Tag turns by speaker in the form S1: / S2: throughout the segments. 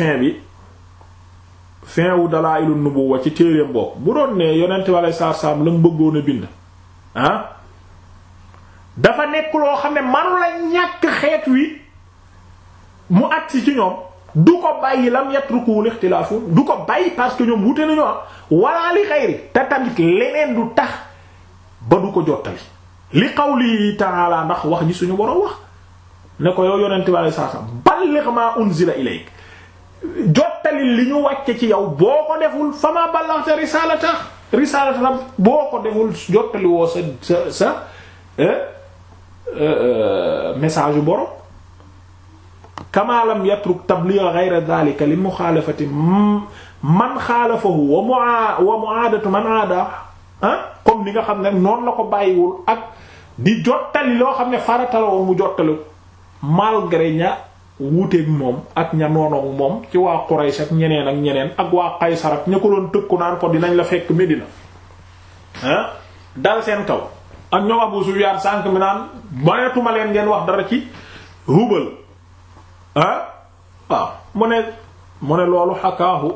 S1: fin bi fin wu Dalaa'ilu Nubuwwa ci téereem bopp bu doon ne yonent bi alayhi salaatu salaam la mu a bind ah dafa nekk loo xam ne manu la ñàkk xeet wi mu agsi ci ñoom du ko bàyyi lam yatruku ixtilaafu du ko bàyyi parce que ñoom wute nañu am walla li xayri te tamit leneen du tax ba du ko jottali li qawli ta'ala ndax wax ji suñu boroom wax ne ko yow yonent bi alayhi salaatu salaam balligh maa unzila ilayk jottalil li ñu wàcce ci yow boo ko deful fama ballaxte risalata risalata boo ko deful jottali woo sa sa sa eh, eh, message yu borom kamalam yatruk tabliga ghayra dhalika li muxaalafati man xaalafahu wa mua wa muaadatu man aada ah, comme ni nga xam ne noonu la ko bàyyiwul ak di jottali loo xam ne farata mu jottali malgré wuuteeg moom ak ña noonoog moom ci waa Quraysh ak ñeneen ak ñeneen ak waa Qaysar ak ña ko doon tëkku naan ko dinañ la fekk Medina ah dal seen kaw ak ñoom Abu Sufyaan sànq mi naan mayatuma leen ngeen wax dara ci Hubal ah waaw mu ne mu ne loolu xakaahu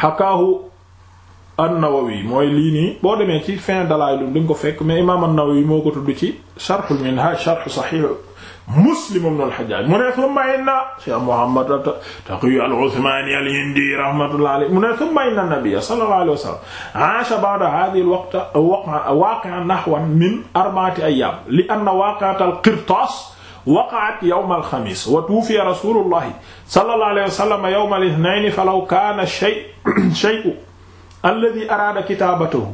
S1: xakaahu an-Nawawi mooy lii nii boo demee ci fin Dalaa'il di nga ko fekk mais imaam an-Nawawi moo ko tudd ci Sharh al-Minhaaj Sharh Sahih Muslim ibn al-Hajjaj mu ne summa inna Cheikh Muhammad Taqiy al-Uthmani al-Hindi rahmatullahi alayhi mu ne summa inna an-nabiyya sallallahu alayhi wa sallam aasha ba'da hadhihi al-waqta waqi'an nahwan min arba'ati ayyam li anna waqi'at al-Qirtas waqa'at yawm al-khamis wa tuwuffiya rasulullah sallallahu alayhi wa sallam yawm al-ithnayn falaw kana shay'un alladhi arada kitabatahu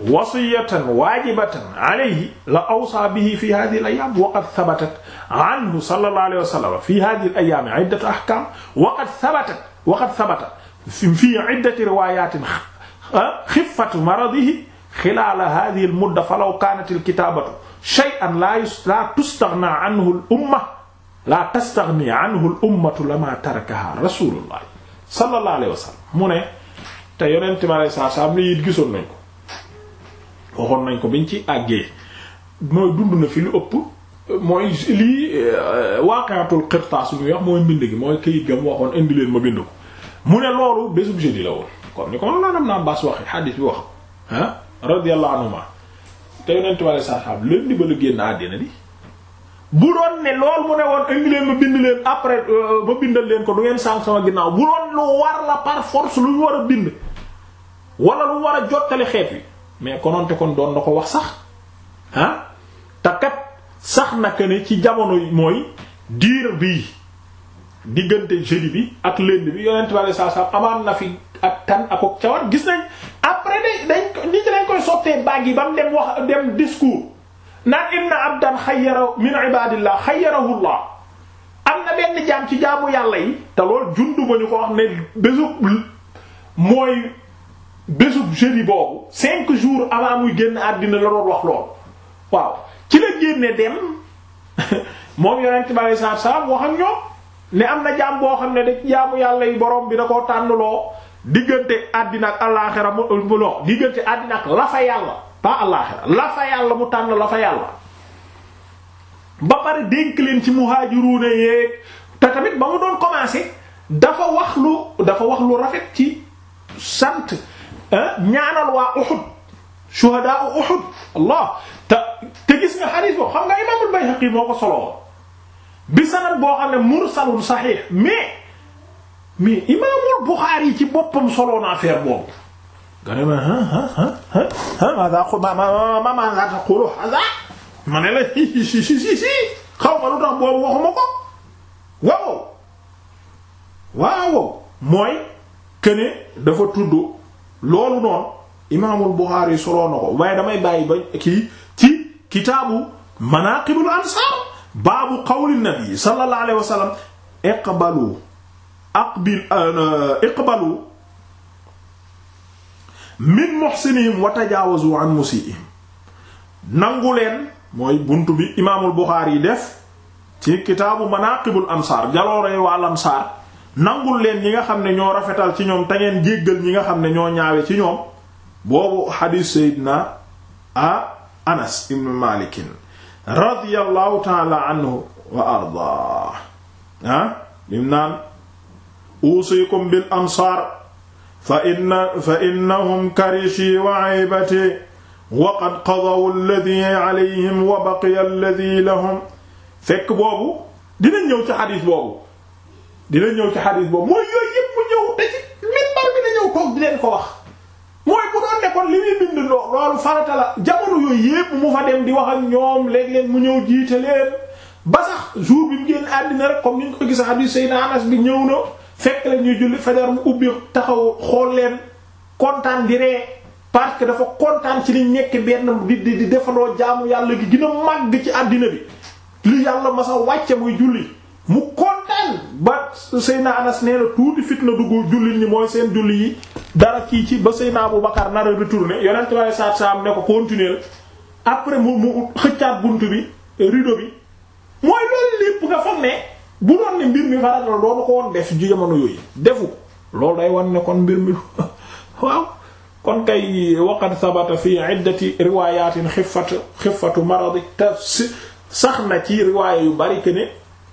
S1: wasiyatan waajibatan alayhi la awsaa bihi fi hadhihi al ayyam wa qad thabatat anhu sallallahu alayhi wa sallam fi hadhihi al ayyam iddatu ahkam wa qad thabatat wa qad thabata fi iddati riwayatin khiffatu maradihi xilala hadihi al mudda falaw kanat al kitabatu shay'an la tustaghna anhu al umma la tastaghni anhu al ummatu lama tarakaha rasulullah sallallahu alayhi wa sallam mu ne te yonent mi alayhi salaam it gisoon nañ ko waxoon nañ ko bi ñu ci àggee mooy dund na fi lu ëpp mooy lii euh, waaqiatul qirtaas bi wax mooy mbind gi mooy këyit gam waxoon indi leen ma bind ko mu ne loolu bésub jeudi la woon comme ni ko man laanam naa baas waxe xaadis bi wax ah radiyallahu anhuma te yonent wala saxaab leen di ba la doon ne loolu mu ne woon indi leen ma bind leen après euh, ma bindal leen ko du ngeen sànq sama ginnaaw bu doon war la par force lu war a bind wala lu war a jottali xeet yi mais kononte kon doon na ko wax sax ah te kat sax naka ne ci jamono mooy diir bi diggante jeudi bi ak lundi bi yonent bi saa saa amaan na fi ak tan a ak cawar gis nañ après de dañ nit dañ koy sottee baag yi ba mu dem wax dem discours naan inna abdan xayyara min ibadillah xayyarahullah am na benn jaam ci jaamu yàlla yi te loolu jundu ba ñu ko wax ne bésu mooy bésub jeudi boobu cinq jours avant muy génn àddina la doon wax lool waaw ci la génne dem moom yonent bi alei salaatu salaam wax ak ñoom ne am na jaam boo xam ne da jaamu yàlla yi borom bi da koo tànnloo diggante àddina ak allaaxira mu loo euh, diggante àddina ak la fa yàlla pas allaaxira la fa yàlla mu tànn la fa yàlla ba pare dénk leen ci muhaajiruuna yeeg te tamit ba mu doon commencer dafa wax lu dafa wax lu rafet ci sant Eh? ñaanal waa Uhud shuhadaa Uhud allah te te gis nga xadiis boobu xam nga imaamul Bayhaqi moo ko soloo bi sanad boo xam ne mursalun saxiix mais mais imaamul Buxaari ci boppam soloo na affaire boobu nga ne ma ah ah ah ah maanaam xul ma ma ma maanaam xulu xasaar ma ne la si si si si xaw ma lu tax boobu waxuma ko waaw waaw mooy que ne dafa tudd. loolu noonu imaamul Buxaari soloo ko waaye damay bàyyi ba kii ci kitaabu manaqibul ansaar baabu qawli nabi sallallahu alayhi wa sallam iqbalu aqbil euh, iqbalu min muhsinihim wa tajaawazu an musiihim nangu leen mooy buntu bi imaamul Buxaari def ci kitaabu manaqibul ansaar jalooree waa ansaar nangul leen ñi nga xam ne ñoo rafetal ci ñoom te ngeen jéggal ñi nga xam ne ñoo ñaawe ci ñoom boobu xadiis Seydina a Anas ibn Malikin radiyallahu taala anhu wa ardaa ah lim naan uusikum bil ansaar fa inna fa innahum karishi wa aybati wa qad qadaw alladhi alayhim wa baqiya alladhi lahum fekk boobu dinañ ñëw ci xadiis boobu dina ñëw ci xadis boobu mooy yooyu yëpp mu ñëw da ci minbar bi na di leen ko wax mooy bu doon nekkoon li muy bind loolu farata jamono yooyu yëpp mu fa dem di wax ak ñoom léeg leen mu ñëw jiite leen ba sax jour bi mu génn àddina rek comme ni ñu ko gis xadis Seydina Anas bi ñëw na fekk la ñuy julli fajar mu ubbi taxaw xool leen kontaan di ree parce que dafa kontaan ci li nekk benn di di defaloo jaamu yàlla gi gën a màgg ci àddina bi li yàlla masa wàcce ba Seyna Anas nee tuuti fitna dugg jullit ñi mooy seen julli yi dara kii ci ba Seyna Abu Bakar nar a retourné yonent waaye saat saam ne ko continuer après mu mu xëccaat bunt bi rideau bi mooy loolu lépp nga foog ne bu mbir mi farata la doonu ko loolu day wan ne kon mbir mi waaw kon kay waqad sabata fi iddati riwaayatin xiffatu xiffatu maradi te sax na ci riwaaya yu bari que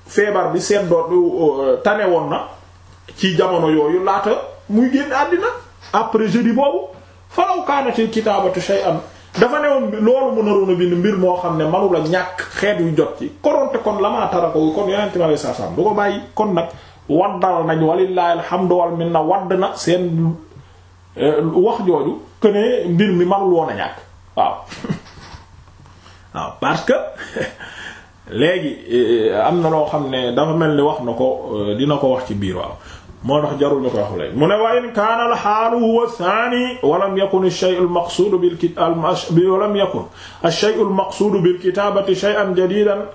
S1: feebar bi seen doot euh, tane woon na ci jamono yooyu laata muy génn àddina après boobu falaw ci kitaabatu shay'an dafa newoon loolu mu naroon a bind mbir moo xam ne manu ak ñàkk xeet yu jot ci koronte kon la maa tara ko kon yonente mi alei sat du ko bàyyi kon nag waddal nañ walillahi alhamdu wal minna wadd na seen euh, wax jooju que mbir mi manul woon a ñàkk waaw parce que léegi eh, am na loo xam ne dafa mel ni wax na ko eh, dina ko wax ci biir waaw moo tax jarul ñu ko wax léegi mu ne wa in kaana al xaalu huwa thani walam yakun ash-shay'u al-maqsuudu bil walam yakun ash-shay'u al-maqsuudu bil kitaabati shay'an jadiidan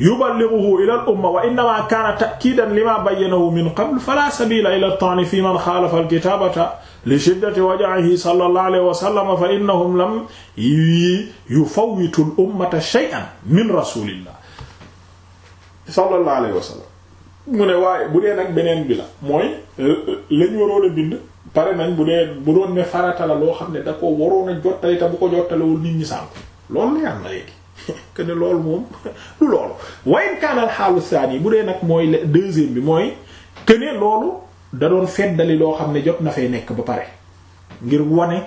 S1: yuballighuhu ila al-umma wa innama kaana ta'kiidan lima bayyanahu min qabl fala sabiila ila at-ta'ni fi man xaalafa al-kitaabata li shiddati waj'ihi sallallahu alayhi wa sallam fa innahum lam yufawwitu al-ummata shay'an min rasuulillah sallallahu alayhi wa sallam mu ne waaye bu dee nag beneen bi la mooy euh, euh, lañ waroon a bind pare nañ bu dee bu doon ne farata la loo xam ne da ko waroon a jottali te bu ko jottalewul nit ñi sànk loolu la yam na léegi que loolu moom lu loolu wayen kaanal xaalu saan yi bu dee nag mooy deuxième bi mooy que loolu da doon feddali loo xam ne jot na fay nekk ba pare ngir wane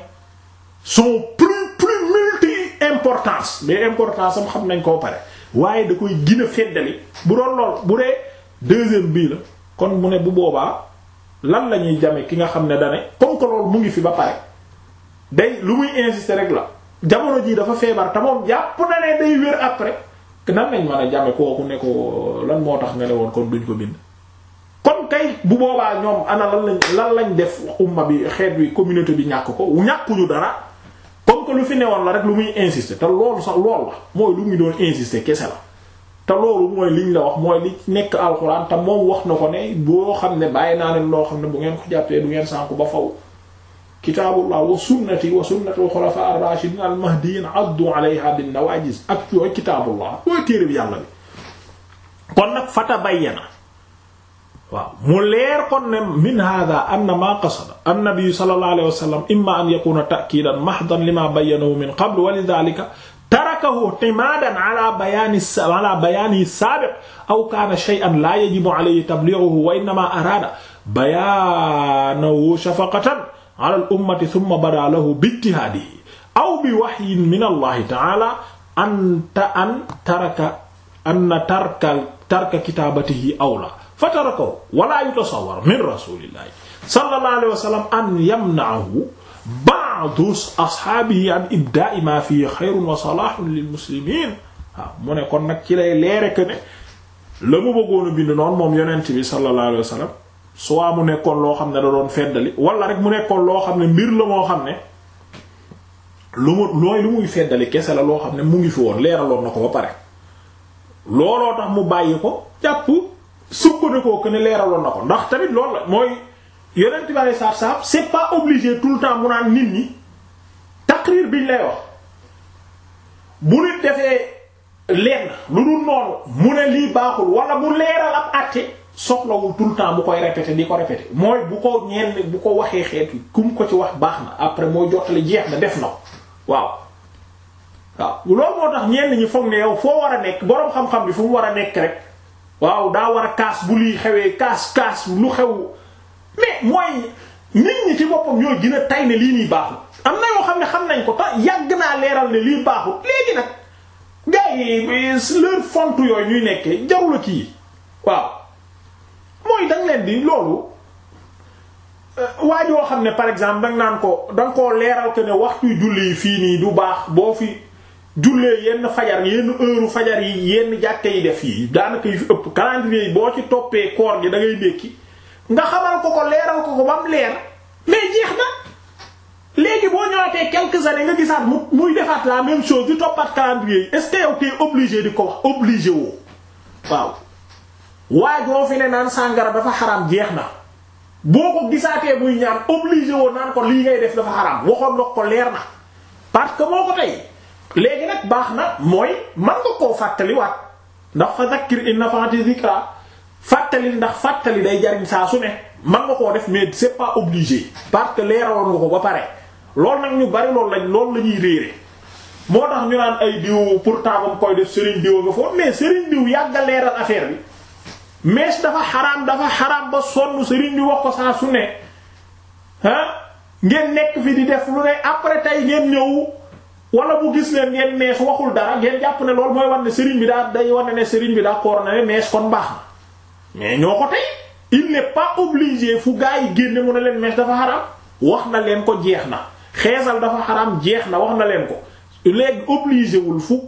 S1: son plus plus multi importance mais importance am xam nañ koo pare waaye da koy gën a feddali bu doon lool bu dee deuxième bii la kon mu ne bu boobaa lan la ñuy jame ki nga xam ne dane comme que lool mu ngi fi ba pare day lu muy insister rek la jamono jii dafa feebar te moom jàpp na ne day wér après nan nañ mën a jame kooku ne ko lan moo tax nga ne woon kon duñ ko bind kon kay bu boobaa ñoom ana lan lañ lan lañ def umma bi xeet bi communauté bi ñàkk ko ñàkkuñu dara que lu fi newoon la rek lu muy insister te loolu sax loolu la mooy lu muy doon insister kese la te loolu mooy liñ la wax mooy li nekk alxuraan te moom wax na ko ne boo xam ne bàyyi naa leen loo xam ne bu ngeen ko jàppee du ngeen sànku ba faw kitaabullah wa sunnati wa sunnati wa xulafa ar-rashidin al-mahdiyyin addu alayha bin nawajis ak yooyu kitaabullah mooy téere bi yàlla bi kon nag fatabayyana waaw mu leer kon ne min hada anna maa qasada annabi sallallahu alayhi wa sallam imma an yakuna ta'kidan mahdan lima bayyanahu min qabl wa lidhalika tarakahu i'timadan ala bayani ala bayani sabiq aw kana shay'an la yajibu alayhi tablighuhu wa innama arada bayanahu shafaqatan ala al-ummati thumma bada lahu bi-ijtihadihi aw bi wahyin min Allah ta'ala an taraka an tarka tarka kitabatihi awla fatarakahu wala yutasawwar min rasulillahi sallallahu alayhi wa sallam an yamna'ahu ba'du ashaabihi an ibdaa'i ma fihi xayrun wa salaahun lil muslimiin ah, mu ne kon nag ci lay leere que ne la mu bëggoon bind noonu moom yonent bi sallallahu alayhi wa sallam mu nekkoon loo xam ne da doon feddali wala rek mu nekkoon loo xam ne mbir la moo xam ne lu mu looy lu muy feddali kese la loo xam ne mu ngi fi woon leeraloon na ko ba pare looloo tax mu bàyyi ko jàpp. sukkandikoo ko ne leeraloon na ko ndax tamit lool la mooy yonent bi alayhi salaatu salaam c'est pas obligé tout le temps mu naan nit ñi taqrir biñ lay wax bu nit defee lenn lu dul noonu mu ne lii baaxul wala mu leeral ab àtte soxlawul tout le mu koy répéter di ko répéter mooy bu ko ñenn bu ko waxee xeet yi kum ko ci wax baax na après moo jottali jeex na def na ko waaw. waaw loolu moo tax ñenn ñi foog ne yow foo war a nekk boroom xam-xam bi fu mu war a nekk rek. waaw daa war a kaas bu lii xewee kaas kaas lu xew mais mooy nit ñi ci boppam ñoo gën a tay ne lii nii baaxul am na yoo xam ne xam nañ ko te yàgg naa leeral ne lii baaxul léegi nag gars yi leur yooyu ñuy nekkee jarula kii waaw mooy danga leen di loolu euh, waa joo xam ne par exemple danga naan ko danga koo leeral que ne waxtu julli yi fii nii du baax boo fi jullee yenn fajar yenn heure fajar yi yenn jàkke yi def yi daanaka yu fi ëpp calendrier yi boo ci toppee koor gi da ngay ndékki nga xamal ko ko leeral ko ko ba mu leer mais jeex na léegi boo ñëwaatee quelques années nga gisaat mu muy defaat la même soo di toppaat calendrier yi est-ce que di ko wax obligé woo waaw waa boo fi ne naan sàngara dafa xaram jeex na boo ko gisaatee muy ñaan obligé woo naan ko li ngay def dafa xaram waxoon ndox ko leer na parce que moo ko tey léegi nag baax na mooy man nga koo fàttaliwaat ndax fa zakkir in nafa'ati zikra fàttali ndax fàttali day jariñ saa su ne man nga koo def mais c'est pas obligé parce que leeraloon nga ko ba pare loolu nag ñu bari loolu lañ loolu la ñuy réere moo tax ñu naan ay diw pour ba mu koy def Serigne diw nga foofu mais Serigne diw yàgga leeral affaire bi mees dafa xaraam dafa xaraam ba sonn Serigne bi wax ko saa su ah ngeen nekk fi di def lu ne après tey ngeen ñëw wala bu gis leen ngeen mees waxul dara ngeen jàpp ne loolu mooy war ne sëriñ bi daa day war ne sëriñ bi daa koor na mees kon baax na mais ñoo ko tey il n'est pas obligé fu gaa yi génne mu ne leen mees dafa xaraam wax na leen ko jeex na xeesal dafa xaraam jeex na wax na leen ko léegi obligé wul fu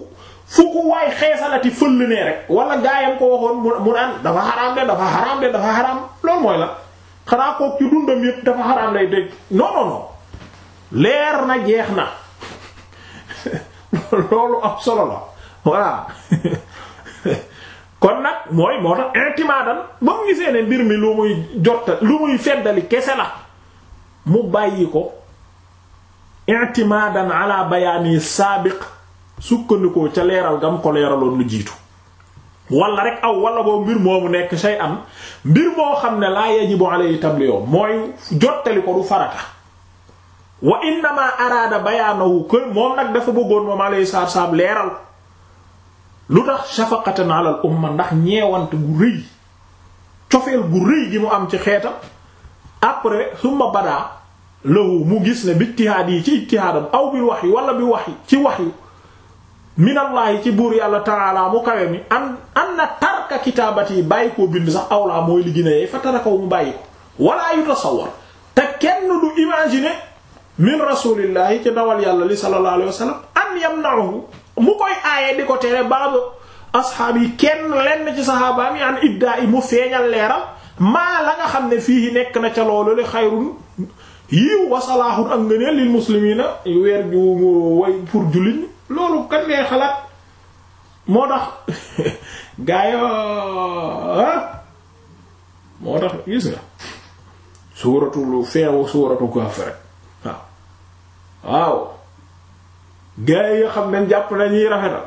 S1: fu ku waay xeesalati fël ne rek wala gaayam ko mu naan dafa xaraam de dafa xaraam dafa xaraam loolu xanaa kook ci dundam dafa xaraam lay dégg non non leer na jeex na. loolu am solo la voilà kon nag mooy moo tax intimadan ba mu gisee ne mbir mi lu muy jotta lu muy feddali kese la mu bàyyi ko intimadan ala bayaani saabiq sukkandikoo ca leeral gam ko leeraloon lu jiitu wala rek aw wala boo mbir moomu nekk say am mbir moo xam ne laa yajibu alayhi tabliyo mooy jottali ko du farata wa innama araada bayaanahu kër moom nag dafa bëggoon moom alayhi saab salaam leeral lu tax shafaqatan ala al umma ndax ñeewant gu rëy cofeel gu rëy gi mu am ci xeetam après summa badaa lahu mu gis ne bi ijtihaad yi ci ijtihaadam aw bi wax yi wala bi wax yi ci wax yi minallaahi ci buur yàlla taala mu kawe mi an an na tarka kitaabat yi bàyyi koo bind sax awlaa mooy li gën a yey fa mu bàyyi ko wala yutasawwar te kenn du imaginer min rasulillahi ci dawal yàlla li sallallahu alayhi wa sallam an yamna'uhu mu koy aaye di ko tere baado asxaab yi kenn lenn ci saxaabaam yi iddaa yi mu feeñal leeral maa la nga xam ne fii nekk na ca loolu li xayrun yiw wasalaaxun ak ngëneel lil muslimiina weer ju way pour jullit loolu kan ngay xalaat moo tax gaayo ah, moo tax gis nga suuratu lu feewu suuratu Kaaf rek waaw gaa yi xam ne jàpp na ñuy rafetal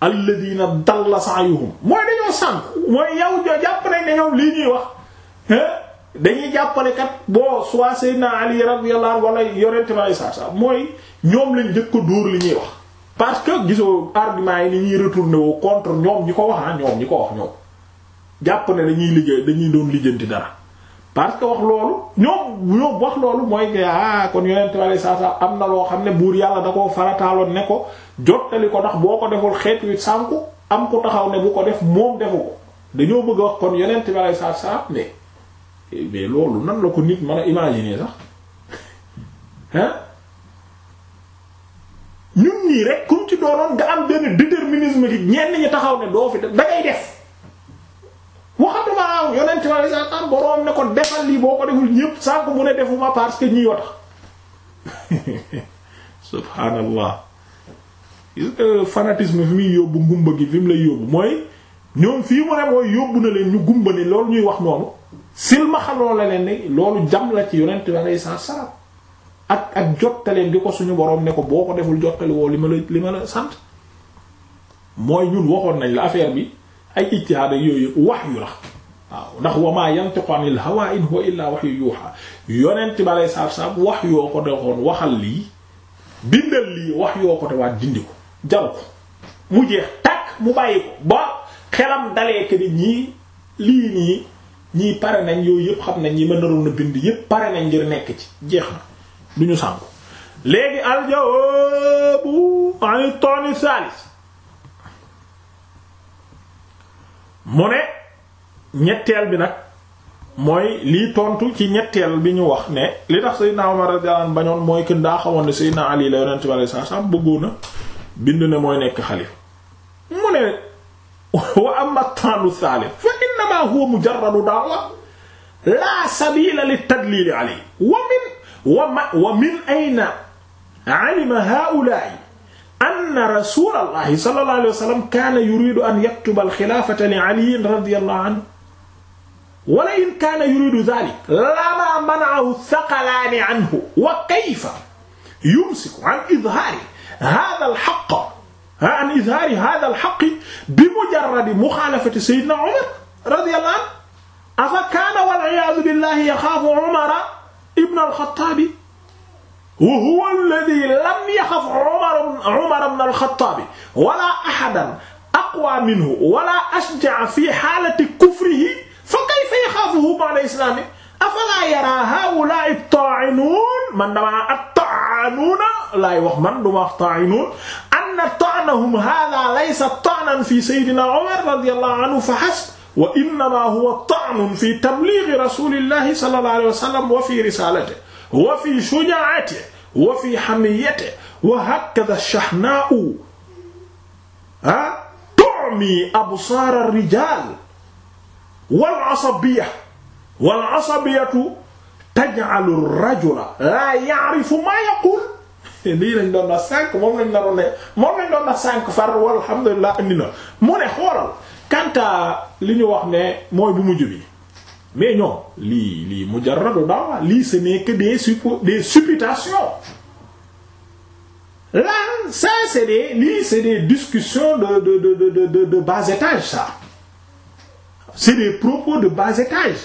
S1: alladina dalla sa'yuhum mooy dañoo san mooy yow jo jàpp nañ ne ñoom lii ñuy wax dañuy jàppale kat boo soit Seydina Ali radiyallahu anhu wala yorente ma sa sa mooy ñoom lañ jëkk ko dóor li ñuy wax parce que gisoo argument yi ni ñuy retourné woo contre ñoom ñi ko wax ah, ñoom ñu ko wax ñoom jàpp ne dañuy liggéey dañuy doon lijjanti dara parce que wax loolu ñoom ñoom wax loolu mooy que ah kon yonent bi saa saa am na loo xam ne buur yàlla da koo farataaloon ne ko jottali ko ndax boo ko deful xeet wi sànku am ko taxaw ne bu ko def moom defu ko dañoo bëgg a wax kon yonent bi saa saa mais mais loolu nan la ko nit mën a imaginer sax hein ñun nii rek comme ci doonoon nga am benn déterminisme gi ñenn ñi taxaw ne doo fi def dangay def. waxatuma laaw yonent ma ne sax am boroom ne ko defal lii boo ko deful ñépp sànq mu ne defuma parce que ñuy wa tax subhaanallah gis nga fanatisme fi muy yóbbu ngumba gi fi mu lay yóbbu mooy ñoom fii mu ne mooy yóbbu na leen ñu gumba ni loolu ñuy wax noonu silmaxaloo la leen ni loolu jam la ci yonent ma ne sax sax ak ak jottaleen gi ko suñu boroom ne ko boo ko deful jottali woo li ma la li ma la sant mooy ñun waxoon nañ la affaire bi ay ijtihaad ak yooyu wahyu la waaw ndax wa maa yantiqu anil hawaa in huwa illaa wahyu yuuhaa yonent ba saab saab wax yoo ko defoon waxal lii bindal lii wax yoo ko defaat dindi ko jaru ko mu jeex tàkk mu bàyyi ko ba xelam dalee ke ni ñii lii nii ñii pare nañ yooyu yëpp xam nañ ñi ma naroon a bind yëpp pare nañ ngir nekk ci jeex na du ñu sànku léegi aljawaabu ani toni salis mu ne ñetteel bi nag mooy lii tontu ci ñetteel bi ñu wax ne li tax Seydina Umar radiyallahu anhu bañoon mooy kën daa xamoon ne Seydina Ali la yonent bi sallallahu alayhi wasallam bëggoona bind ne mooy nekk xalifa mu ne wa amma at-ta'nu ath-thalith fa innama huwa mujarradu da'wa la sabila lit-tadlil alayhi wa min wa min ayna alima ha'ula'i anna rasulallahi sallallahu alayhi wa sallam kaana yuridu an yaktuba alxilaafata li aliyin radiyallahu anhu wala in kaana yuridu dalik lama manaahu thaqalaani anhu wa kayfa yumsiku an idhaari hada alhaq an idhaari hada alhaqi bi mujarradi muxaalafati sayyidina Umar radiyallahu anhu afa kaana wal iyaadu billahi yaxaafu Umara ibn al-Khattaab wa huwa alladhi lam yaxaf Umar Umar ibn al-Khattab wala ahadan aqwa minhu wala ashja'a fi halati kufrihi fa kayfa yaxaafuhu ba'da islaamihi afalaa yaraa haa'ulaa'i at-taa'inuun man damaa at-taa'inuuna laay wax man du ma wax taa'inuun anna ta'nahum haadha laysa ta'nan fi sayyidinaa Umar radiyallahu anhu fa hasb wa innamaa huwa ta'nun fi tabliighi rasuulillaahi sallallahu alayhi wa sallam wa fi risaalatihi wa fi shujaa'atihi wa fi hamiyyatihi wa hakadha ash-shahnaa'u ah tu'mi absaar ar-rijaal wal 'asabiyya wal 'asabiyyatu taj'alu ar-rajula laa ya'rifu maa yaquul lii lañ doon na cinq moom lañ naroon ne moom lañ doon na cinq far walhamdulillah indi na mu ne xoolal kanta li ñu wax ne mooy bu mujj bi mais ñoom lii lii mujarradu daawa lii ce n'est que des suppo des supputations là ça c'est c'est des discussions de de de de de de bas étage ça c'est des propos de bas étage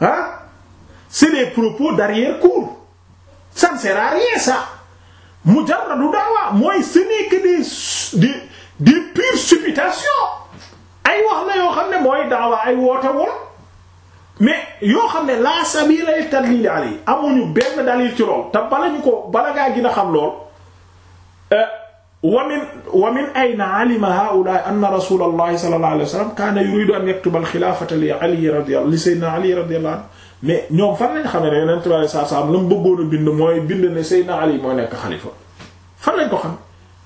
S1: ah c'est des propos d'arrière-cour ça ne sert à rien ça mujarradu daawa mooy ce que des des pures supputations. ay wax la yoo xam ne mooy daawa ay woote woon mais yoo xam ne la sabila li tadlil ali amuñu benn dalil ci lool te bala ñu ko bala ngaa gën a xam lool eh, wa min wa min ayna alima haula anna rasul allahi sallallahu alayhi wa sallam kaana yuridu an yaktuba al xilaafata li ali radiyallahu li sayyidina ali radiyallahu anhu mais ñoom fan lañ xamee ne yonent bi alayhi salaam la mu bëggoon a bind mooy bind ne sayyidina ali mooy nekk xalifa fan lañ ko xam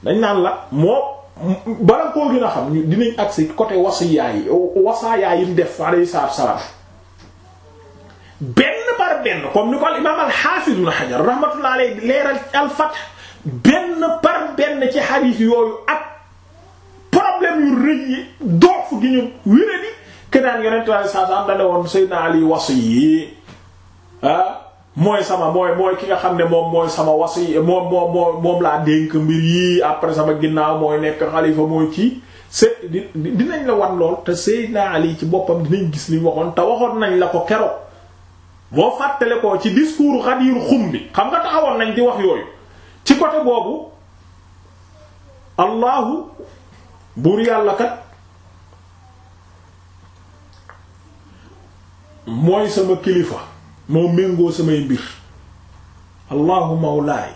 S1: dañ naan la moo bala koo gën a xam ñu dinañ agsi côté wasiyaa yi wasaayaa yi mu def alayhi salaatu wa benn par benn comme ni ko al imaam al xaafiz ibn Hajar rahmatullah alayhi leeral al Fath benn par benn ci xadiis yooyu ak problème yu rëy yi doof gi ñu wéradi kenaan yonent alayhi salaatu wa salaam dane woon Seydina Ali wasi yi ah. mooy sama mooy mooy ki nga xam ne moom mooy sama wasi moom moom moom laa dénk mbir yii après sama ginnaaw mooy nekk xalifa mooy kii c'est dinañ la wan lool te Seydina Ali ci boppam dinañ gis li waxoon te waxoon nañ la ko keroog boo fàttale ko ci discours Ghadir Khum bi xam nga taxawoon nañ di wax yooyu ci côté boobu Allahu buur yàlla kat mooy sama kilifa moo méngoo samay mbir allahu mawlaay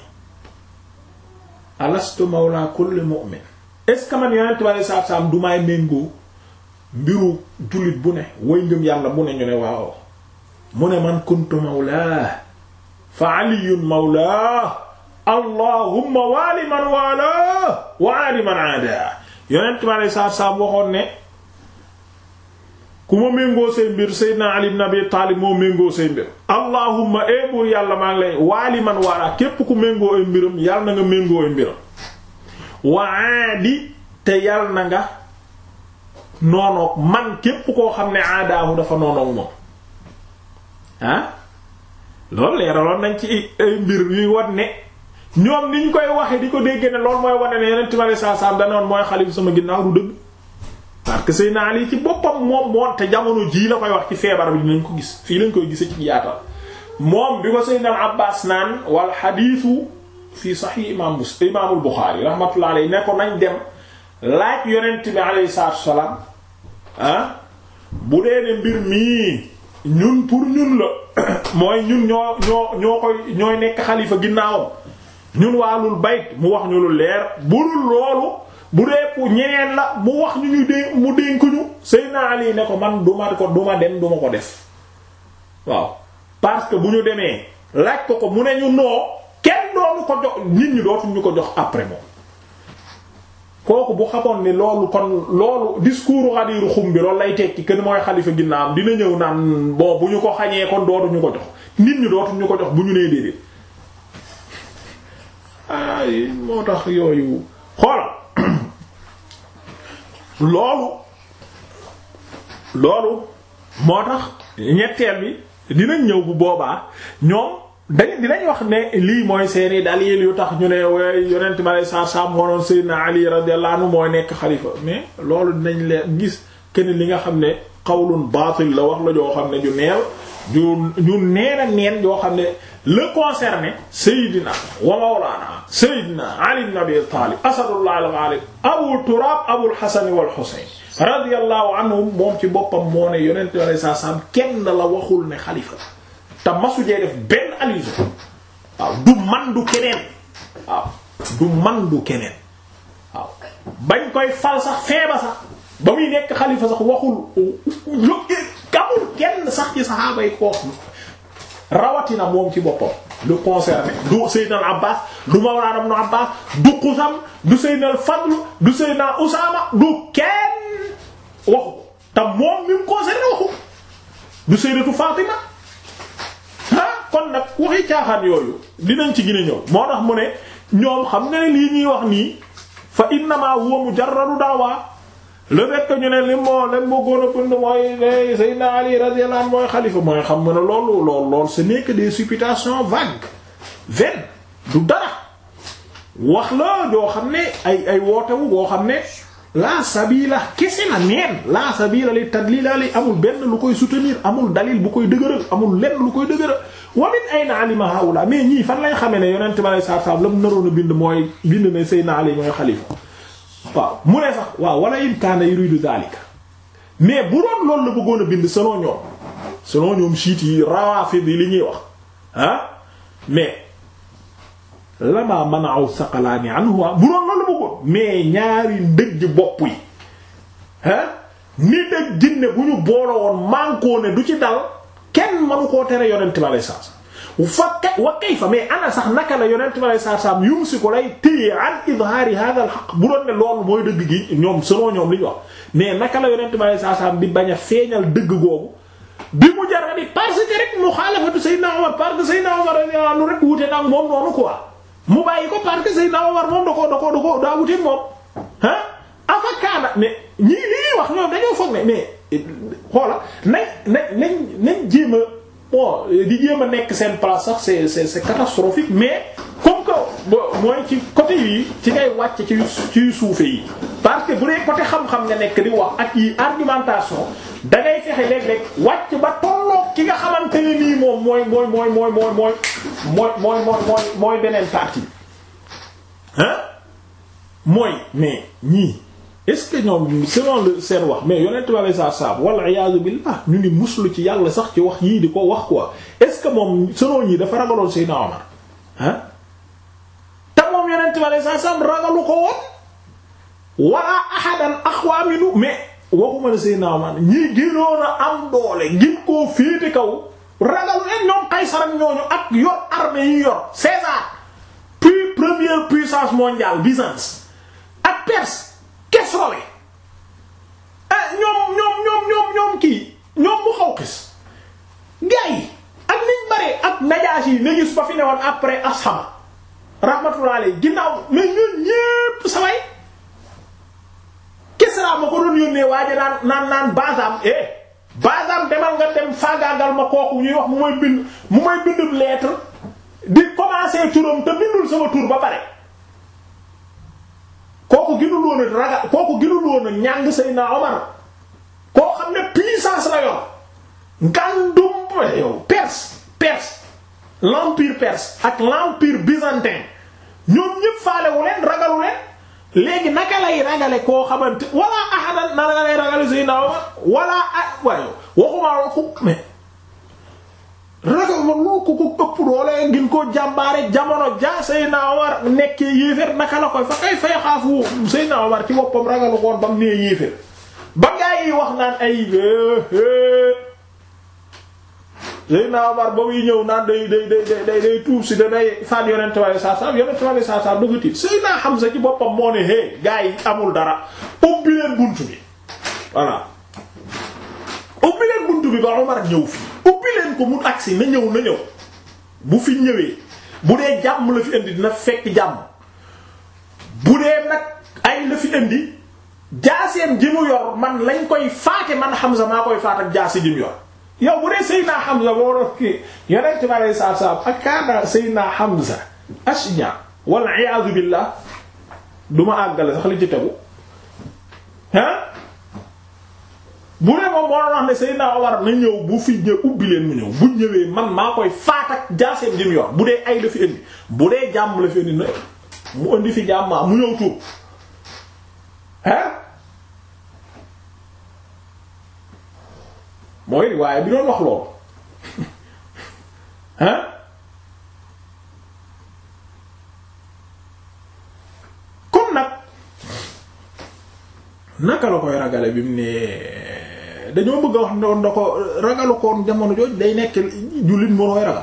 S1: alastu mawla kulli mu'min est-ce man yonent bi alei satu salaam méngoo mbiru jullit bu ne way ngëm yàlla bu ne ñu ne waaw mu ne man kuntu mawla fa aliyun mawla allahumma waali man waala wa man aada yonent bi alei satu waxoon ne ku ma méngoo say mbir Seydina Ali ibn Abi Taalib moo méngoo say mbir allahumma ee eh buur yàlla maa lay waali man waaraa képp ku méngoo ay mbiram yàlla na nga méngoo ay mbiram wa aadi te yàlla na nga noonoog man képp koo xam ne aadaahu dafa noonoog moom ah loolu leeraloon nañ ci ay mbir yuy wan ne ñoom niñ koy waxe di ko dégg ne loolu mooy wane ne yeneen timale saa saa danoon mooy xalif sama ginnaaw du dëgg parce que Seydina Ali ci boppam moom moo te jamono jii la koy wax ci feebar bi dinañ ko gis fii lañ koy gisee ci yaatal moom bi ko Seydina Abbas naan wal xadiisu fii Sahih imaam Muslim imaamul Buxaari rahmatullahi alayhi ne ko nañ dem laaj yonent bi alayhi salaatu wassalaam ah bu dee ne mbir mii ñun pour ñun la mooy ñun ñoo ñoo ñoo koy ñooy nekk xalifa ginnaawam ñun waalul bayt mu wax ñu lu leer burul loolu. bu dee ñeneen la mu wax ñu ñu dé mu dénk ñu Seydina Ali ne ko man duma ko duma dem duma ko def waaw parce que bu ñu demee laaj ko ko mu ne ñu noo kenn doonu ko jox nit ñi ñu ko jox après moom kooku bu xamoon ni loolu kon loolu discours xadiiru xum bi loolu lay tekki kenn mooy xalifa ginnaaw dina ñëw naan bon bu ñu ko xañee kon dootuñu ko jox nit ñi dootuñ ñu ko jox bu ñu nee déedéet ay moo tax yooyu xool loolu loolu moo tax ñetteel bi dinañ ñëw bu boobaa ñoom dañ dinañ wax ne lii mooy seeni dalil yu tax ñu ne way yonent ma lay saa saa moonoon Seydina Ali radiyallahu mooy nekk xalifa mais loolu dinañ leen gis kenn li nga xam ne qawlun baatil la wax la joo xam ne ñu neel ju ñu neena neen yoo xam ne le concerné Seydina wa Mawlana Seydina Ali ibn Abi Talib asadullah al-ghalib Abu Turab Abul Hasan wal anhum moom ci boppam moo ne yonent bi salaam kenn la waxul ne xalifa te masu jee def benn allusion waaw du man du keneen bañ koy fal sax feeba sax ba muy nekk xalifa sax waxul jógee kamul kenn sax ci saxaaba yi koo rawatina moom ci boppam lu concerné du Seydina Abbas du Mawlana Ibn Abbas du Qusam du Seydina Fadl du Seydina Usaama du kenn waxu te moom mi mu concerné waxu du Sayyidatu Fatima ah kon nag waxi caaxaan yooyu dinañ ci gën a moo tax mu ne ñoom xam nga ne lii ñuy wax nii fa innamaa huwa mujarradu da'wa le fait que ñu ne li moo leen bëggoon a pund mooy Seydina Ali radiyallahu anhu mooy xalifa mooy xam nga ne loolu lool lool ce n'est que des supputations vagues vaines du dara wax la joo xam ne ay ay wootewu boo xam ne la sabila kese la neen la sabila li tadlila li amul benn lu koy soutenir amul dalil bu koy dëgëral amul lenn lu koy dëgëral wamin ay na alima haula mais ñii fan lay xamee ne yonent bi saa satu la mu naroon a bind mooy bind ne Seydina Ali mooy xalifa waaw mu ne sax waaw wala in kaana di daalika mais bu doon loolu la bëggoon a bind selon ñoom selon ñoom siit yi rawaafid yi li ñuy wax mais ah mais lama manaaw saqalaani anhu bu doon loolu la bëggoon mais ñaari ndëgg bopp yi ah ni dëgg jinne bu ñu boolo woon mànkoo ne du ci dal kenn manu koo tere yonent bi aleyhi salaam fa wa kayfa mais ana sax naka la yonent bi alayhi salaatu salaam yumsiku lay téye an izhaari hadha al haqq bu doon ne loolu mooy dëgg gi ñoom selon ñoom li wax mais naka la yonent bi alayhi salaatu salaam di bañ a feeñal dëgg googu bi mu jar ni parce que rek muxaalafatu Seydina Omar parce que Seydina Omar radiyallahu anhu rek wute nag moom noonu quoi mu bàyyi ko parce que Seydina Omar moom da koo da koo da koo daa wute moom ah afakaana mais ñii li ñuy wax ñoom dañoo foog ne mais eh, xoola bon di jéem a nekk seen place sax c'est c'est c'est catastrophique mais comme que mooy ci côté yi ci ngay wàcc ci ci suufe yi parce que bu dee côté xam-xam nga nekk di wax ak yi argumentation da ngay fexe léeg-léeg wàcc ba tolloog ki nga xamante ne nii moom mooy mooy mooy mooy mooy mooy mooy mooy mooy beneen partie hein mooy mais ñii est-ce que ñoom seen wax mais yonent bi saa saab wal ñu ngi muslu ci yàlla sax ci wax yii di ko wax quoi est-ce que moom selon ñii dafa ragaloon Seydina Omar ah te moom yonent bi saa saab ñii gënoon a am doole gin koo féete kaw ragalu leen ñoom Qaysar ñooñu ak yor armée yi yor César puis première puissance mondiale Byzance ak Perse soowee eh, ñoom ñoom ñoom ñoom ñoom kii ñoom mu xaw xis gaa yi ak niñ bare ak najaas yi Négus ba fi ne woon après ashama rahmatullah alayhi ginnaaw mais ñun ñépp saway Kisra ma ko doon yónnee waaye naan naan naan Bazam eh Bazam demal nga dem faagaagal ma kooku ñuy wax mu may bind mu may bindum lettre di commencer turam te bindul sama tur ba pare kooku gënul woon a ragal kooku gënul woon a ñàng koo xam ne puissance la yor ngandum yow Perse Perse l'empire perse ak l'empire byzantin ñoom ñëpp faalewu leen ragalu leen léegi naka lay ragale koo xamante wala ahadan naka lay ragale Seydina Omar wala ah waaye waxuma waxu ragal ma loo ko ko doole ngin koo jàmbaare jamono ja Seydina Omar nekkee yéeféer naka la koy fa kay fay xaafu Seydina Omar ci boppam ragalu koon ba mu nee yéeféer ba gaa yi wax naan ay Seydina Omar ba muy ñëw naan day day day day day tuub si da day faat yonent wale saasam yonent wale saasam dafa tiit Seydina Hamza ci boppam moo ne hé gaa yi amul dara ubbi leen buntu bi voilà ubbi leen buntu bi ba Omar ñëw fii ubbi leen ko mu agsi na ñëw na ñëw bu fi ñëwee bu dee jàmm la fi indi dina fekk jàmm bu dee nag ay la fi indi jaaseem ji mu yor man lañ koy faate man Hamza maa koy faat ak jaasi ji mu yor yow bu dee sëy naa boo doon kii yonent bi alayhi salaatu salaam ak kaana Seydina Hamza ashña wal iyaadu billah du àggale sax li ci tegu ah bu ne moom moo wax ne Seydina Omar na ñëw bu fi ubbi leen mu ñëw bu ñëwee man maa koy faat ak jaaseem di mu bu dee ay la fi indi bu dee jàmm la fi indi nag naka la koy ragale bi mu ne dañoo bëgg a wax ndoon da ko ragalu koon jamono jooj day nekk jullit moo ragal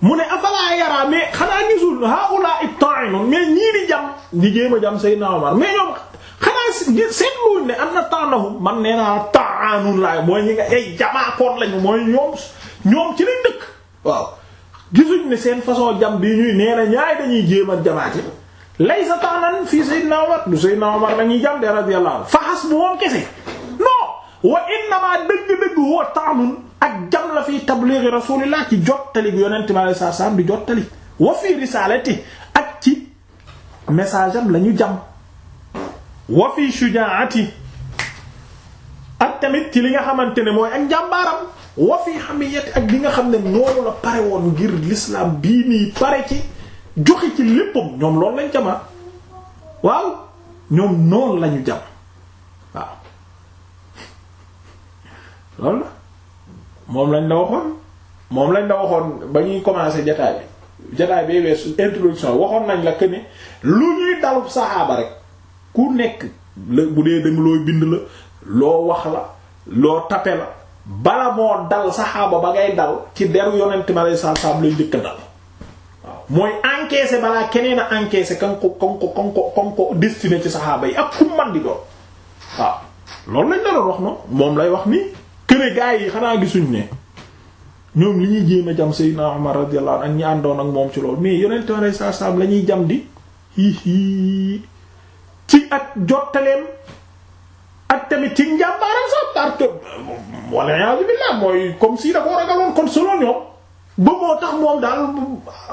S1: mu ne afala yara mais xanaa gisul haula ta'inun mais ñii di a jam Seydina Omar mais ñoom xanaa seetluñ ne na ta'nahum man nee naa ta'anun laay mooy ñi nga ay jamaakoon lañu mooy ñoom ci lañ dëkk waaw gisuñ ne seen façon jam bi ñuy nee na ñaay dañuy jéem a jamaate laysa ta'nan fii Seydina Omar du Seydina Omar lañuy jam de radiyallahu fa hasbu moom kese wa innamaa dëgg-dëgg huwa taanun ak jam la fii tablighi rasulillah ci jottali bi yonent mi alayhi salaam di jottali wa fii risalati ak ci message am la jam wa fii shujaati ak tamit ci li nga xamante ne mooy ak jàmbaaram wa fii hamiyati ak li nga xam ne noonu la pare woon ngir l'islam bii nii pare ci joxe ci léppam ñoom loolu lañ jama waaw ñoom noonu lañu jam loolu moom lañ la waxoon moom lañ la waxoon ba ñuy commencer jataay bi jataay bi weesu introduction waxoon nañ la que ne lu ñuy dalub saxaaba rek ku nekk la bu dee danga looy bind la loo wax la loo tape la bala moo dal saxaaba ba ngay dal ci deru yonent ma lay saab lay njëkk a dal waaw mooy encaisser balaa keneen a encaisser kan ko kan ko kan ko kan ci saxaaba yi ak ku man doon waaw loolu lañ la wax noonu moom lay wax nii këne gaa yi xanaa gisuñ ne ñoom li ñuy jéem a jam Seydina Umar radiyallahu anhu ak ñi àndoon ak moom ci loolu mais yonent Yàlla saa saam la ñuy jam di hihi ci ak jottaleem ak tamit ci njàmbaaram sax parce que wala a'uuzu billaah mooy comme si da ko ragaloon kon selon ñoom ba moo tax moom daal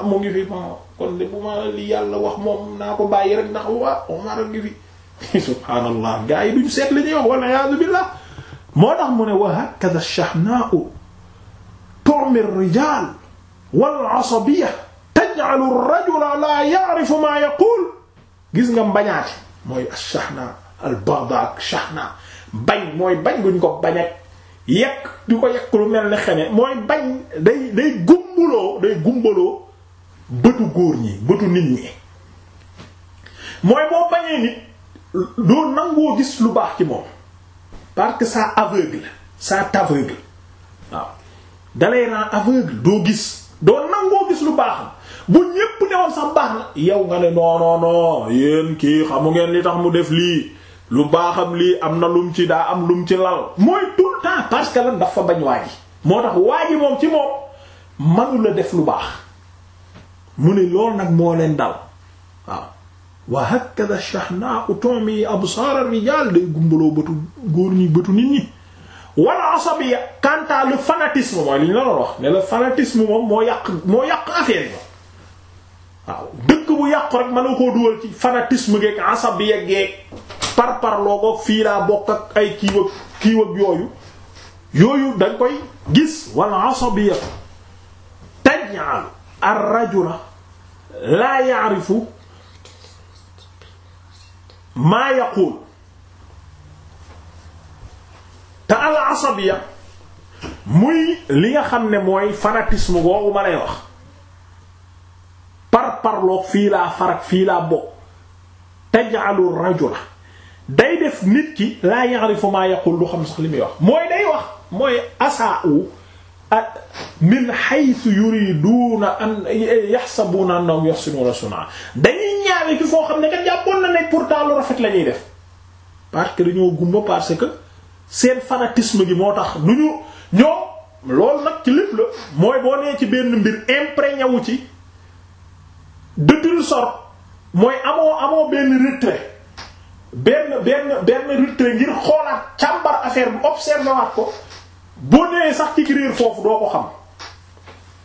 S1: mu ngi fi bon kon de bu ma li yàlla wax moom naa ko bàyyi rek ndax waa Umar a ngi fi subhaanallah gaa yi duñ seet li wax wala a'uuzu billaah moo tax mu ne wa hakaza shahnaa'u tu'mi ar-rijaal wal 'asabiyya taj'alu ar laa ya'rifu maa yaqul gis nga mbañaate mooy ash-shahnaa al-baghdhaa shahnaa bañ mooy bañ guñ ko bañ yekk di ko yekk lu mel ne xeme mooy bañ day day gumbaloo day gumbaloo bëtu góor ñi bëtu nit ñi mooy boo bañee nit doo nangoo gis lu baax ci moom parce que ça aveugle ça t'aveugle waaw dalay rend aveugle doo gis doo nangoo gis lu baax bu ñépp newoon sax baax na yow nga ne non non kii xamu ngeen li tax mu def lii lu baaxam lii am na lum ci daa am lum ci lal mooy tout le temps parce que bañ waa ji moo tax waa ji moom ci moom manu def lu baax mu ne loolu nag moo leen dal wa hakada shahnaa'u tu'mi góor ñi bëtu nit ñi wala asabiya quant moo yàq affaire yi waaw dëkk bu yàqu rek mën na koo dugal ci fanatisme geeg asabiya geeg par parloo ko fii laa bokk ak ay kiiwag yooyu yooyu dañ koy gis wala asabiya taj'al ar laa ya'rifu maa yaqul te al muy li nga xam ne mooy fanatisme boobu ma lay wax par parloog fii laa farak fii laa bokk taj'alu rajula day def nit ki laa ya'rifu maa yaqul du xam sax li muy wax mooy day wax mooy asaa u mbir na du min haythu yuriduna an yahsabuna annahum yuhsinuna sun'a dañuy ñaawe ci foo xam ne kat jàppoon na ne pourtant lu rafet la ñuy def parce que dañoo gumba parce que seen fanatisme gi moo tax du ñu ñoo lool nag ci lépp la mooy boo nee ci benn mbir imprégné ñawu ci de sor mooy amoo amoo benn retrait benn benn benn retrait ngir xoolaat càmbar affaire bi observé waat ko boo nee sax ci réer foofu doo ko xam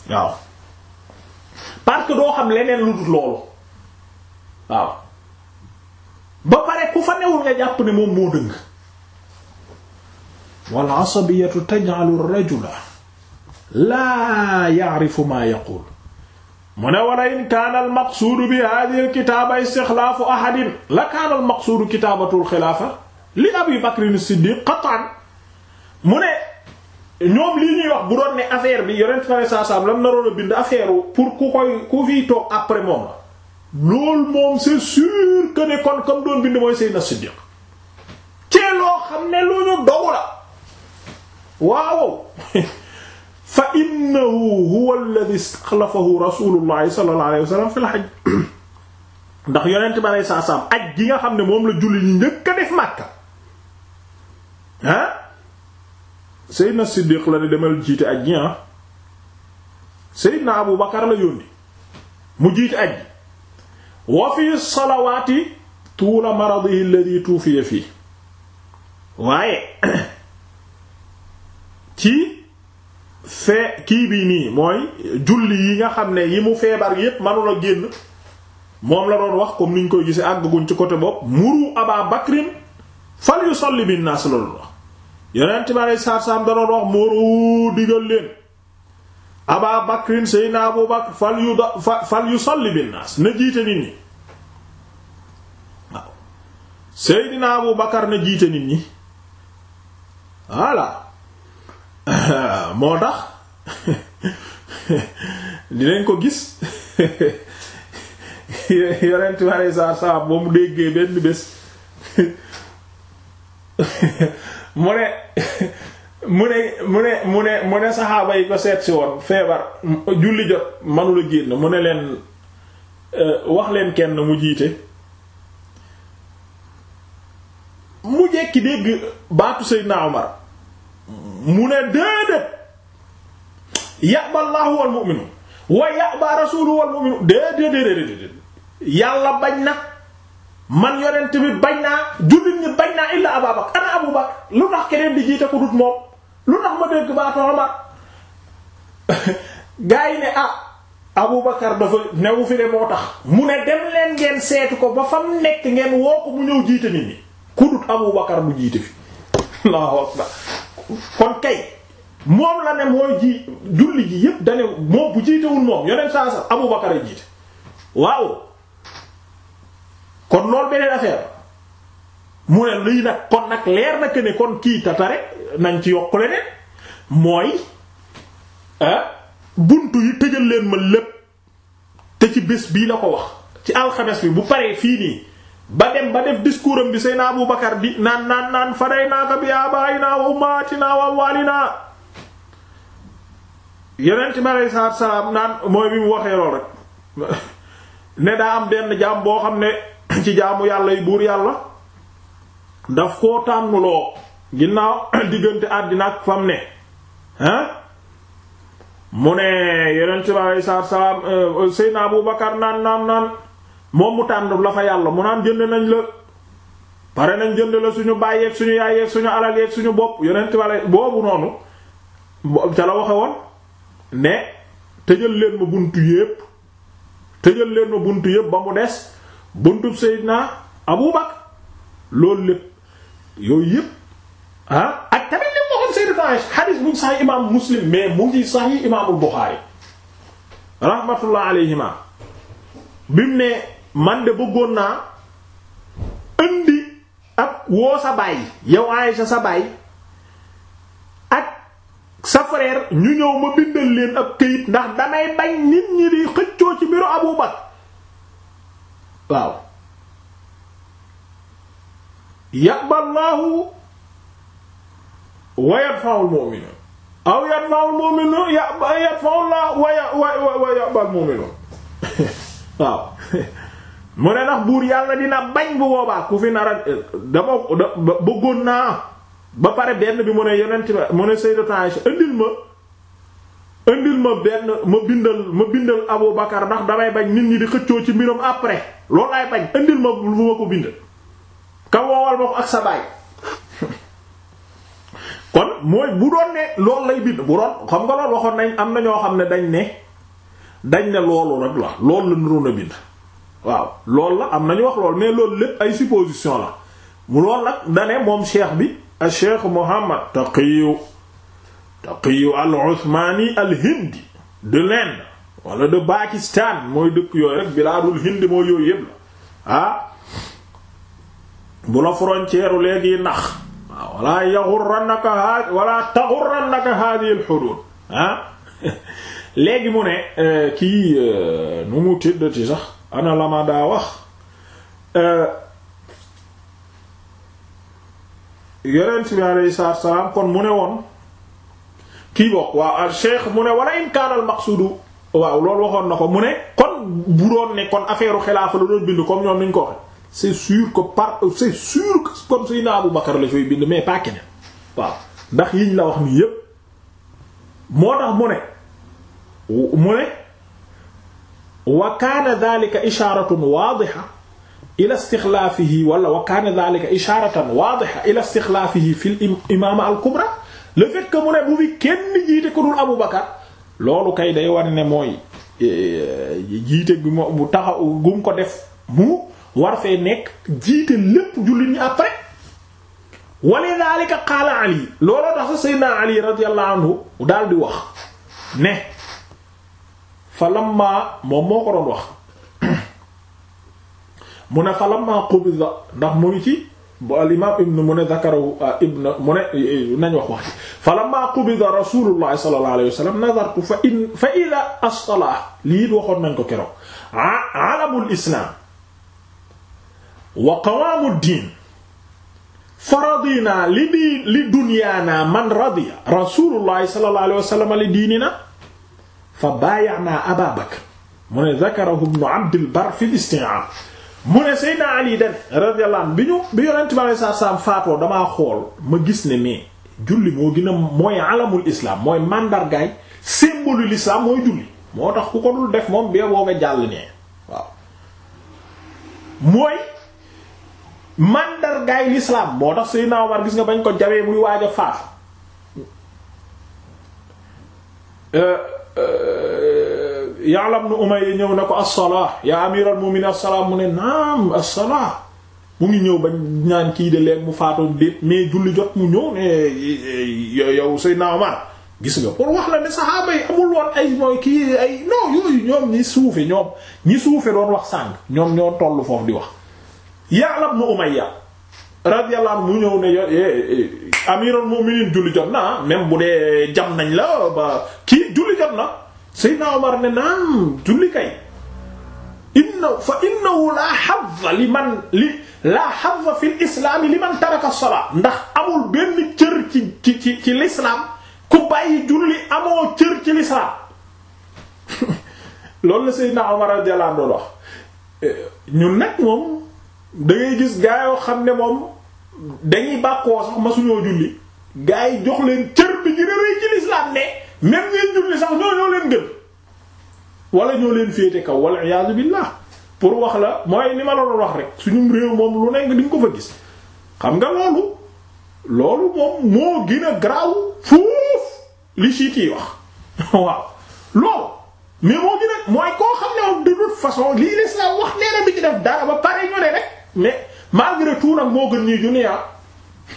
S1: waaw parce que doo xam leneen lu dul loolu waaw ba pare ku fa newul nga jàpp ne moom moo dëng wal asabiyatu taj'alu ar-rajula laa ya'rifu maa yaqul mu ne wala in kaana al-maqsuudu bi haadhihi al-kitaaba istixlaafu ahadin la kaana al-maqsuudu kitaabatul xilaafa li Abi Bakr as-Siddiq qat'an mu ne ñoom lii ñuy wax bu doon ne affaire bi yonent fare sasam lam naroon a bind affaire pour ku koy ku fiy toog après moom la loolu moom c'est sûr que ne kon comme doon bind mooy Seydina Siddiq ci loo xam ne lu ñu dogu la waaw fa innahu huwa alladhi ndax yonent bare sasam aj gi nga xam ne moom la julli njëkk a def Makka ah Seydina Siddiq la ne demal jiite aj ji ah Seydina Abu Bakar la yónni mu jiite aj ji wa fi waaye ci fee kii bi nii mooy julli yi nga xam ne yi mu feebar yépp manula génn moom la doon wax comme niñ koy gisee àgguñ ci côté bopp muru Aba Bakrin fal yusalli bin naas loolu la yonent bi alei saatu salaam danoon wax muru digal leen aba bakrin seydna abu bakr fal yu fal yusalli binnaas na jiite nit ñi waaw seydna abu bakar na jiite nit ñi voilà moo tax dinañ ko gis yonent bi alei saatu ba mu déggee benn bés mu ne mu ne mu ne mu ne mu ne saxaaba yi ko seet woon feebar julli jot manula génn mu ne leen euh, wax leen kenn mu jiite mu jekki dégg baatu Seydina Omar mu ne déedéet yàba Allahu wal mu'minu wa yàba rasulu wal mu'minu déedéet déedéet yàlla bañ na man yonent bi bañ naa jullit ñi bañ naa illa Abu Bakr ana Abu Bakr lu tax keneen di jiite ko dut moom lu tax ma dégg baatu Omar gaa yi ne ah Abu Bakr dafa newu fi de moo tax mu ne dem leen ngeen seetu ko ba mu nekk ngeen woo ko mu ñëw jiite nit ñi ku dut Abu Bakr mu jiite fi Allahu akbar kon kay moom la ne mooy ji julli ji yépp dane moom bu jiitewul moom yonent saa sa Abu Bakr jiite waaw kon loolu beneen affaire mu ne lii nag kon nag leer na que ne kon kii tata rek nañ ci yokk leneen mooy ah, buntu yi tëjal leen ma lépp te ci bés bii la ko wax ci alxames bi bu paree fii nii ba dem ba def discours bi Seydina Abu Bakar di naan naan naan faday naa ko bi abaayinaa wa ummatinaa wa walinaa yeneen ci malay salaam naan mooy bi mu waxee lool rek ne daa am benn jaam boo xam ne. ci jaamu yàlla yi buur yàlla daf koo tànnuloo ginnaaw diggante àddina ak fam ne ah mu ne yeneen ci baax yi saar saar euh, Seydina Abu Bakar naan naan naan moom mu tànn la fa yàlla mu naan jënd nañ la pare nañ jënd la suñu baay suñu yaay suñu alal yeeg suñu bopp yeneen ci boobu noonu ca la waxe woon ne tëjal leen ma bunt yépp tëjal leen ma buntu yépp ba mu des buntub Seydina Abu Bakr loolu lépp yooyu yëpp ah ak tamit li mu waxoon Seydina xadis bu sax imaam Muslim mais mu ngi sax imaamul Buxaari rahmatullah alayhima bi mu ne man de bëggoon naa indi ak woo sa baay yow Aïcha sa baay ak sa ñu ñëw ma bindal leen ab këyit ndax damay bañ nit ñi di xëccoo ci mbiru Abu waaw yàba llaahu wa yadfa'u al-mu'minuun aw yadfa'u al-mu'minuun yadfa'u llaahu wa ya'ba al-mu'minuun waaw mu ne ndax buur yàlla dina bañ bu boobaa ku fi nara eh, dama bëggoon naa ba pare benn bi mu ne yonent mu ne Sayyidatu Aisha indil ma indil ma benn ma bindal ma bindal Abu Bakar ndax damay bañ nit ñi di xëccoo ci mbiram après loolu laay bañ indil ma lu ma ko bind ka woowal ko ak sa baay kon mooy bu doon ne loolu lay bind bu doon xam nga loolu waxoon nañ am na ñoo xam ne dañ ne dañ ne loolu rek la loolu la nuroon a bind waaw loolu la am nañu wax lool mais loolu lépp ay supposition la mu lool nag dane moom cheikh bi a cheikh Muhammad Taqiyu taqiyu al uthmani al hindi de l'Inde wala de Pakistan mooy dëkk yooyu rek bilaadul hindi mooy yooyu yëpp ah, bu la frontière léegi nax waaw wala yaghurrannaka ha wala taghurrannaka hadhihi al hudud ah mu ne euh, kii euh, nu mu tëddati sax ana la ma daa wax euh, yonent bi alayhi salaam kon mu ne woon kii bokk waaw al cheikh mu ne wala in kaana al maqsudu waaw loolu waxoon na ko mu ne kon bu doon ne kon affaire xilaafa la doon bind comme ñoom niñ ko waxe c'est sûr que par c'est sûr que comme Seydina Abou Bakar la fay bind mais pas keneen waaw ndax yiñ la wax nii yépp moo tax mu ne mu ne wa kaana dhalika isharatun waadiha ila istixlaafihi wala wa kaana dhalika isharatan waadiha ila istixlaafihi fi al imaama al kubra le fait que mu ne bu fi kenn jiite ku dul Abu Bakar loolu kay day war ne mooy e, jiite bi mo bu taxaw gum ko def mu war fee nekk jiite lépp jullit ñi après wali daalika qaala Ali looloo tax sa Seydina Ali radiyallahu anhu daal di wax ne fa moom moo ko doon wax mu ne fa lamma ndax mu ngi bu al imaam ibn mu ne dakarahu ah, ibn mu ne eh, eh, nañ wax wax falamma qubida rasulullah sallallahu alayhi wa sallam nadartu fa in fa ida as-salah lii it waxoon nañ ko keroog alamul islam wa qawaamu diin faradina li di li dunyaana man radiya rasulullah sallallahu alayhi wa sallam li diinina fa baaya'na Aba Bakr mu ne dakarahu ibn Abd al-Barr fi al-isti'aab mu ne Seydina Ali dane radiyallahu bi ñu bi yonent bi alei satu salaam faatoo damaa xool ma gis ne mais julli moo gën a mooy alamul islam mooy mandargaay symbole l'islam mooy julli moo tax ku ko dul def moom bee boo nga jàll nee waaw mooy mandargaay l'islam moo tax Seydina Omar gis nga bañ ko jawee muy waaj a faatu euh, euh, Ya'la ibn Umayya ñëw na ko as-salaa yaa amiral mu'minin mu ne naam as-salaa mu ngi ñëw bañ ñaan kii de léegi mu faatoon déet mais julli jot mu ñëw ne yow gis nga pour la ne saxaaba kii ay non yooyu ñoom ñi suufe ñoom ñoom ñoo tollu foofu di wax Ya'la ibn mu ñëw ne yo eh, eh, julli jot na même bu dee jam nañ la ba kii julli jot na Seydina Omar ne naam julli kay inna fa innahu laa hazza li man li laa hazza fi lislaami li man taraka salaa ndax amul benn cër ci ci ci ci l'islaam ku bàyyi julli amoo cër ci l'islaam loolu la Seydina Omar radiyallahu anhu doon wax eh, nag moom da gis gaa yoo xam ne moom dañuy bàkkoo sax masuñoo julli gaa yi jox leen cër bi gën a rëy ci lislaam ne même ñeen julli sax ñoo ñoo leen gën wala ñoo leen féete kaw wal iyaadu billah pour wax la mooy li ma la wax rek suñu réew moom lu nekk di ko fa gis xam nga loolu loolu moom moo gën a garaaw li siit yi wax waaw a mooy koo xam ne de toute façon lii l'islam wax nee bi ci def dara ba pare ñu ne rek mais malgré tout nag moo gën ñuy junne ah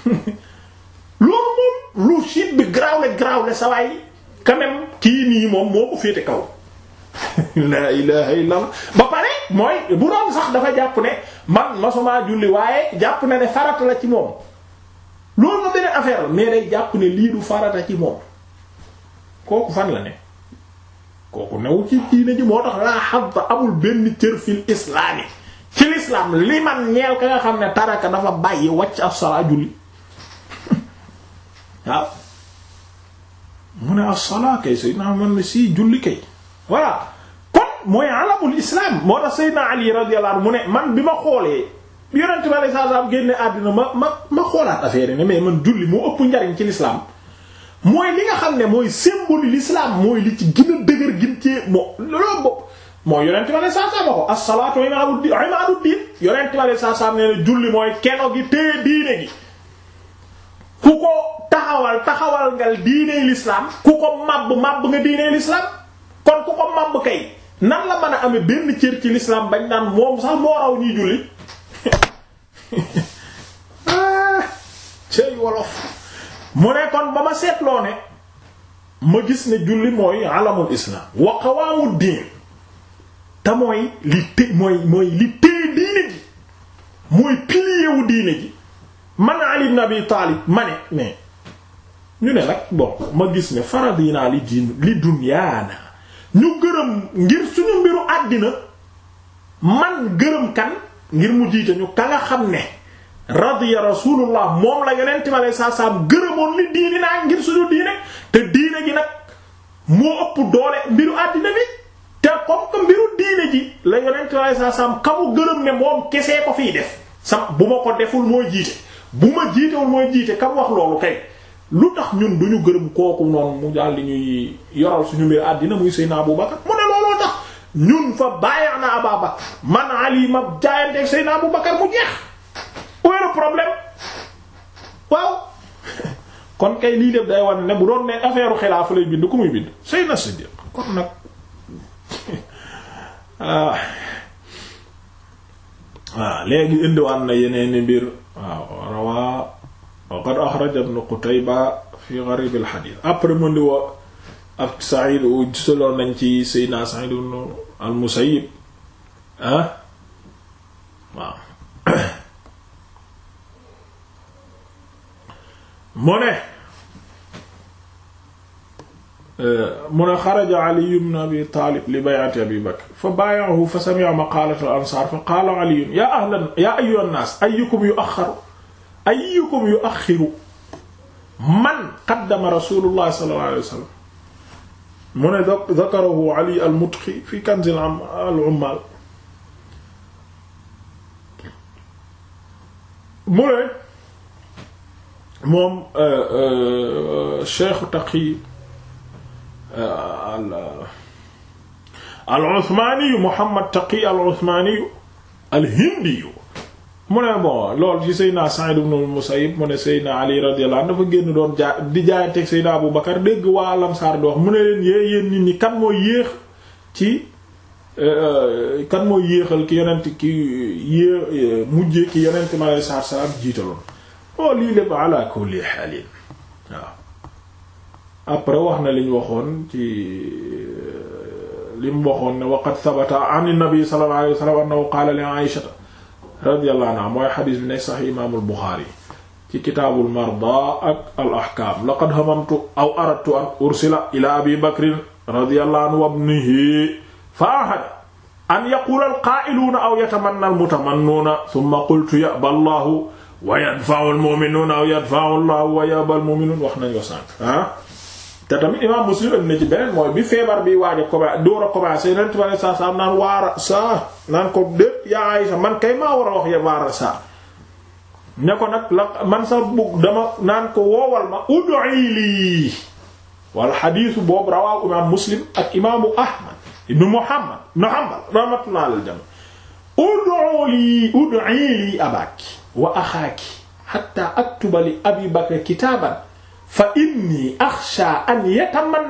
S1: loolu moom lu siit bi garaaw la garaaw la sawaay quand même kii nii moom moo ko féete kaw la ilaha illallah ba pare mooy bu doon sax dafa jàpp ne man masuma julli waaye jàpp na ne farata la ci moom loolu ma beneen affaire la day jàpp ne lii du farata ci moom kooku fan la ne kooku new ci diine ji moo tax laa xadda amul benn cër fil islaami ci l'islam li man ñeel ka nga xam ne taraka dafa bàyyi wàcc as-salaa julli waaw mu ne as-salaa kay Seydina man ne si julli kay voilà kon mooy alamul islam moo tax Seydina mu ne man bi ma xoolee yonent bi alayhi salaam génne àddina ma ma ma xoolaat affaire yi ne mais man julli moo ëpp njariñ ci l'islam mooy li nga xam ne mooy symbole l'islam mooy li ci gën a dëgër gin cee moo loolu bopp mooy yonent bi alayhi salaam ko as-salaatu imaadu diin diin yonent bi alayhi salaam nee na julli mooy keno gi téye diine gi ku ko taxawal taxawal ngal diiney lislaam ku ko màbb màbb nga diiney lislaam kon ku ko màbb kay nan la mën a amee benn cër ci lislaam bañ naan moom sax moo raw ñuy julli ah, cëy wolof mu ne kon ba ma seetloo ne ma gis ne julli mooy alamul islaam wa diin te mooy li mooy mooy diine ji mooy pilier diine ji man Ali ibn Abi Talib ma ne mais ñu ne nag bon ma gis ne faradina li diin li dunyaana ñu gërëm ngir suñu mbiru àddina man gërëm kan ngir mu jiite ñu ka xam ne radiya rasulullah moom la yonent bi alei saatu salaam gërëmoon li diini naa ngir suñu diine te diine gi nag moo ëpp doole mbiru àddina bi te comme que mbiru diine ji la yonent bi alei saatu kamu gërëm ne moom kesee ko fiy def sam bu ma ko deful mooy jiite bu ma jiitewul mooy jiite kam wax loolu kay lu tax ñun duñu gërëm kooku noonu mu daal ñuy yoral suñu mbir àddina muy Seydina Abu Bakar mu ne looloo tax ñun fa bàyyi na Abu Bakar man Ali ma jaayanteeg Seydina Abu Bakar mu jeex. où est problème waaw kon kay lii lépp day wan ne bu doon ne affaire xilaafa lay bind ku muy bind Seydina Siddiq kon nag ah. ah léegi indiwaan na yeneen i mbir waaw. waqad axraja ibn Qutayba fi gharib al hadith après mu ndi woo ab Sa'id soloon nañ ci Seydina Sa'id ibn al Musayyib ah waaw mu ne eh, mu ne xaraja Ali ibn Abi Talib li bay'ati Abi Bakr fa baaya'ahu fa sami'a maqaalata al ansaar fa qaala Ali yaa ahlan yaa ayyuhan naas ayyukum yu'akhkharu ayyukum yu axiru man qaddama rasulullah sallallahu alayhi wa sallam mu ne dakarahu ali al-mutqi fi kanz al-ummal mu ne moom euh, euh, cheikhu taqi euh, al-usmani muhammad taqi al-usmani al-hindi mu ne bon loolu ci Seydina Sa'id ibn al mu ne Seydina Ali radiyallahu anhu dafa génn doon jaa di jaayanteeg Seydina Abu Bakar dégg waa Lamsaar di wax mu ne leen yee yéen nit ñi kan mooy yéex ci euh, euh, kan mooy yéexal ki yonent ki yée euh, mujjee ki yonent mi alayhi salaatu jiitaloon. oh lii lépp ala kulli haalin après wax na li waxoon ci li mu waxoon ne waqad sabata an nabi sallallahu alayhi wa sallam annahu qaala li Aysata radiyallahu anhu mooy xadis bi nekk sax imaamul Buxaari ci kitaabul marda ak al ahkaam laqad hamamtu aw aradtu an ursila ila abi bakrin radiyallahu anhu wa ibnihi fa ahada an yaqula al qaa'iluuna aw yatamanna al mutamannuuna thumma qultu ya'ba allahu wa yadfa'u al mu'minuuna aw yadfa'u allahu wa ya'ba al mu'minuuna wax nañ ko sànq ah te tamit imaam Muslim am na ci beneen mooy bi feebar bi waaj a commencé door a commencé yeneen tubaab yi saa saa naan waara saa naan ko déet yaa Aysa man kay maa war a wax ya waara saa. ne ko nag la man sax bugg dama naan ko woowal ma ud'i lii wal xadiisu boobu rawaahu imaam Muslim ak imaamu Ahmad ibnu Muhammad ibnu Hanbal rahmatullahi alal jami ud'u lii ud'i lii abaaki wa axaaki hatta aktuba li Abi Bakr kitaaban fa inni axsha an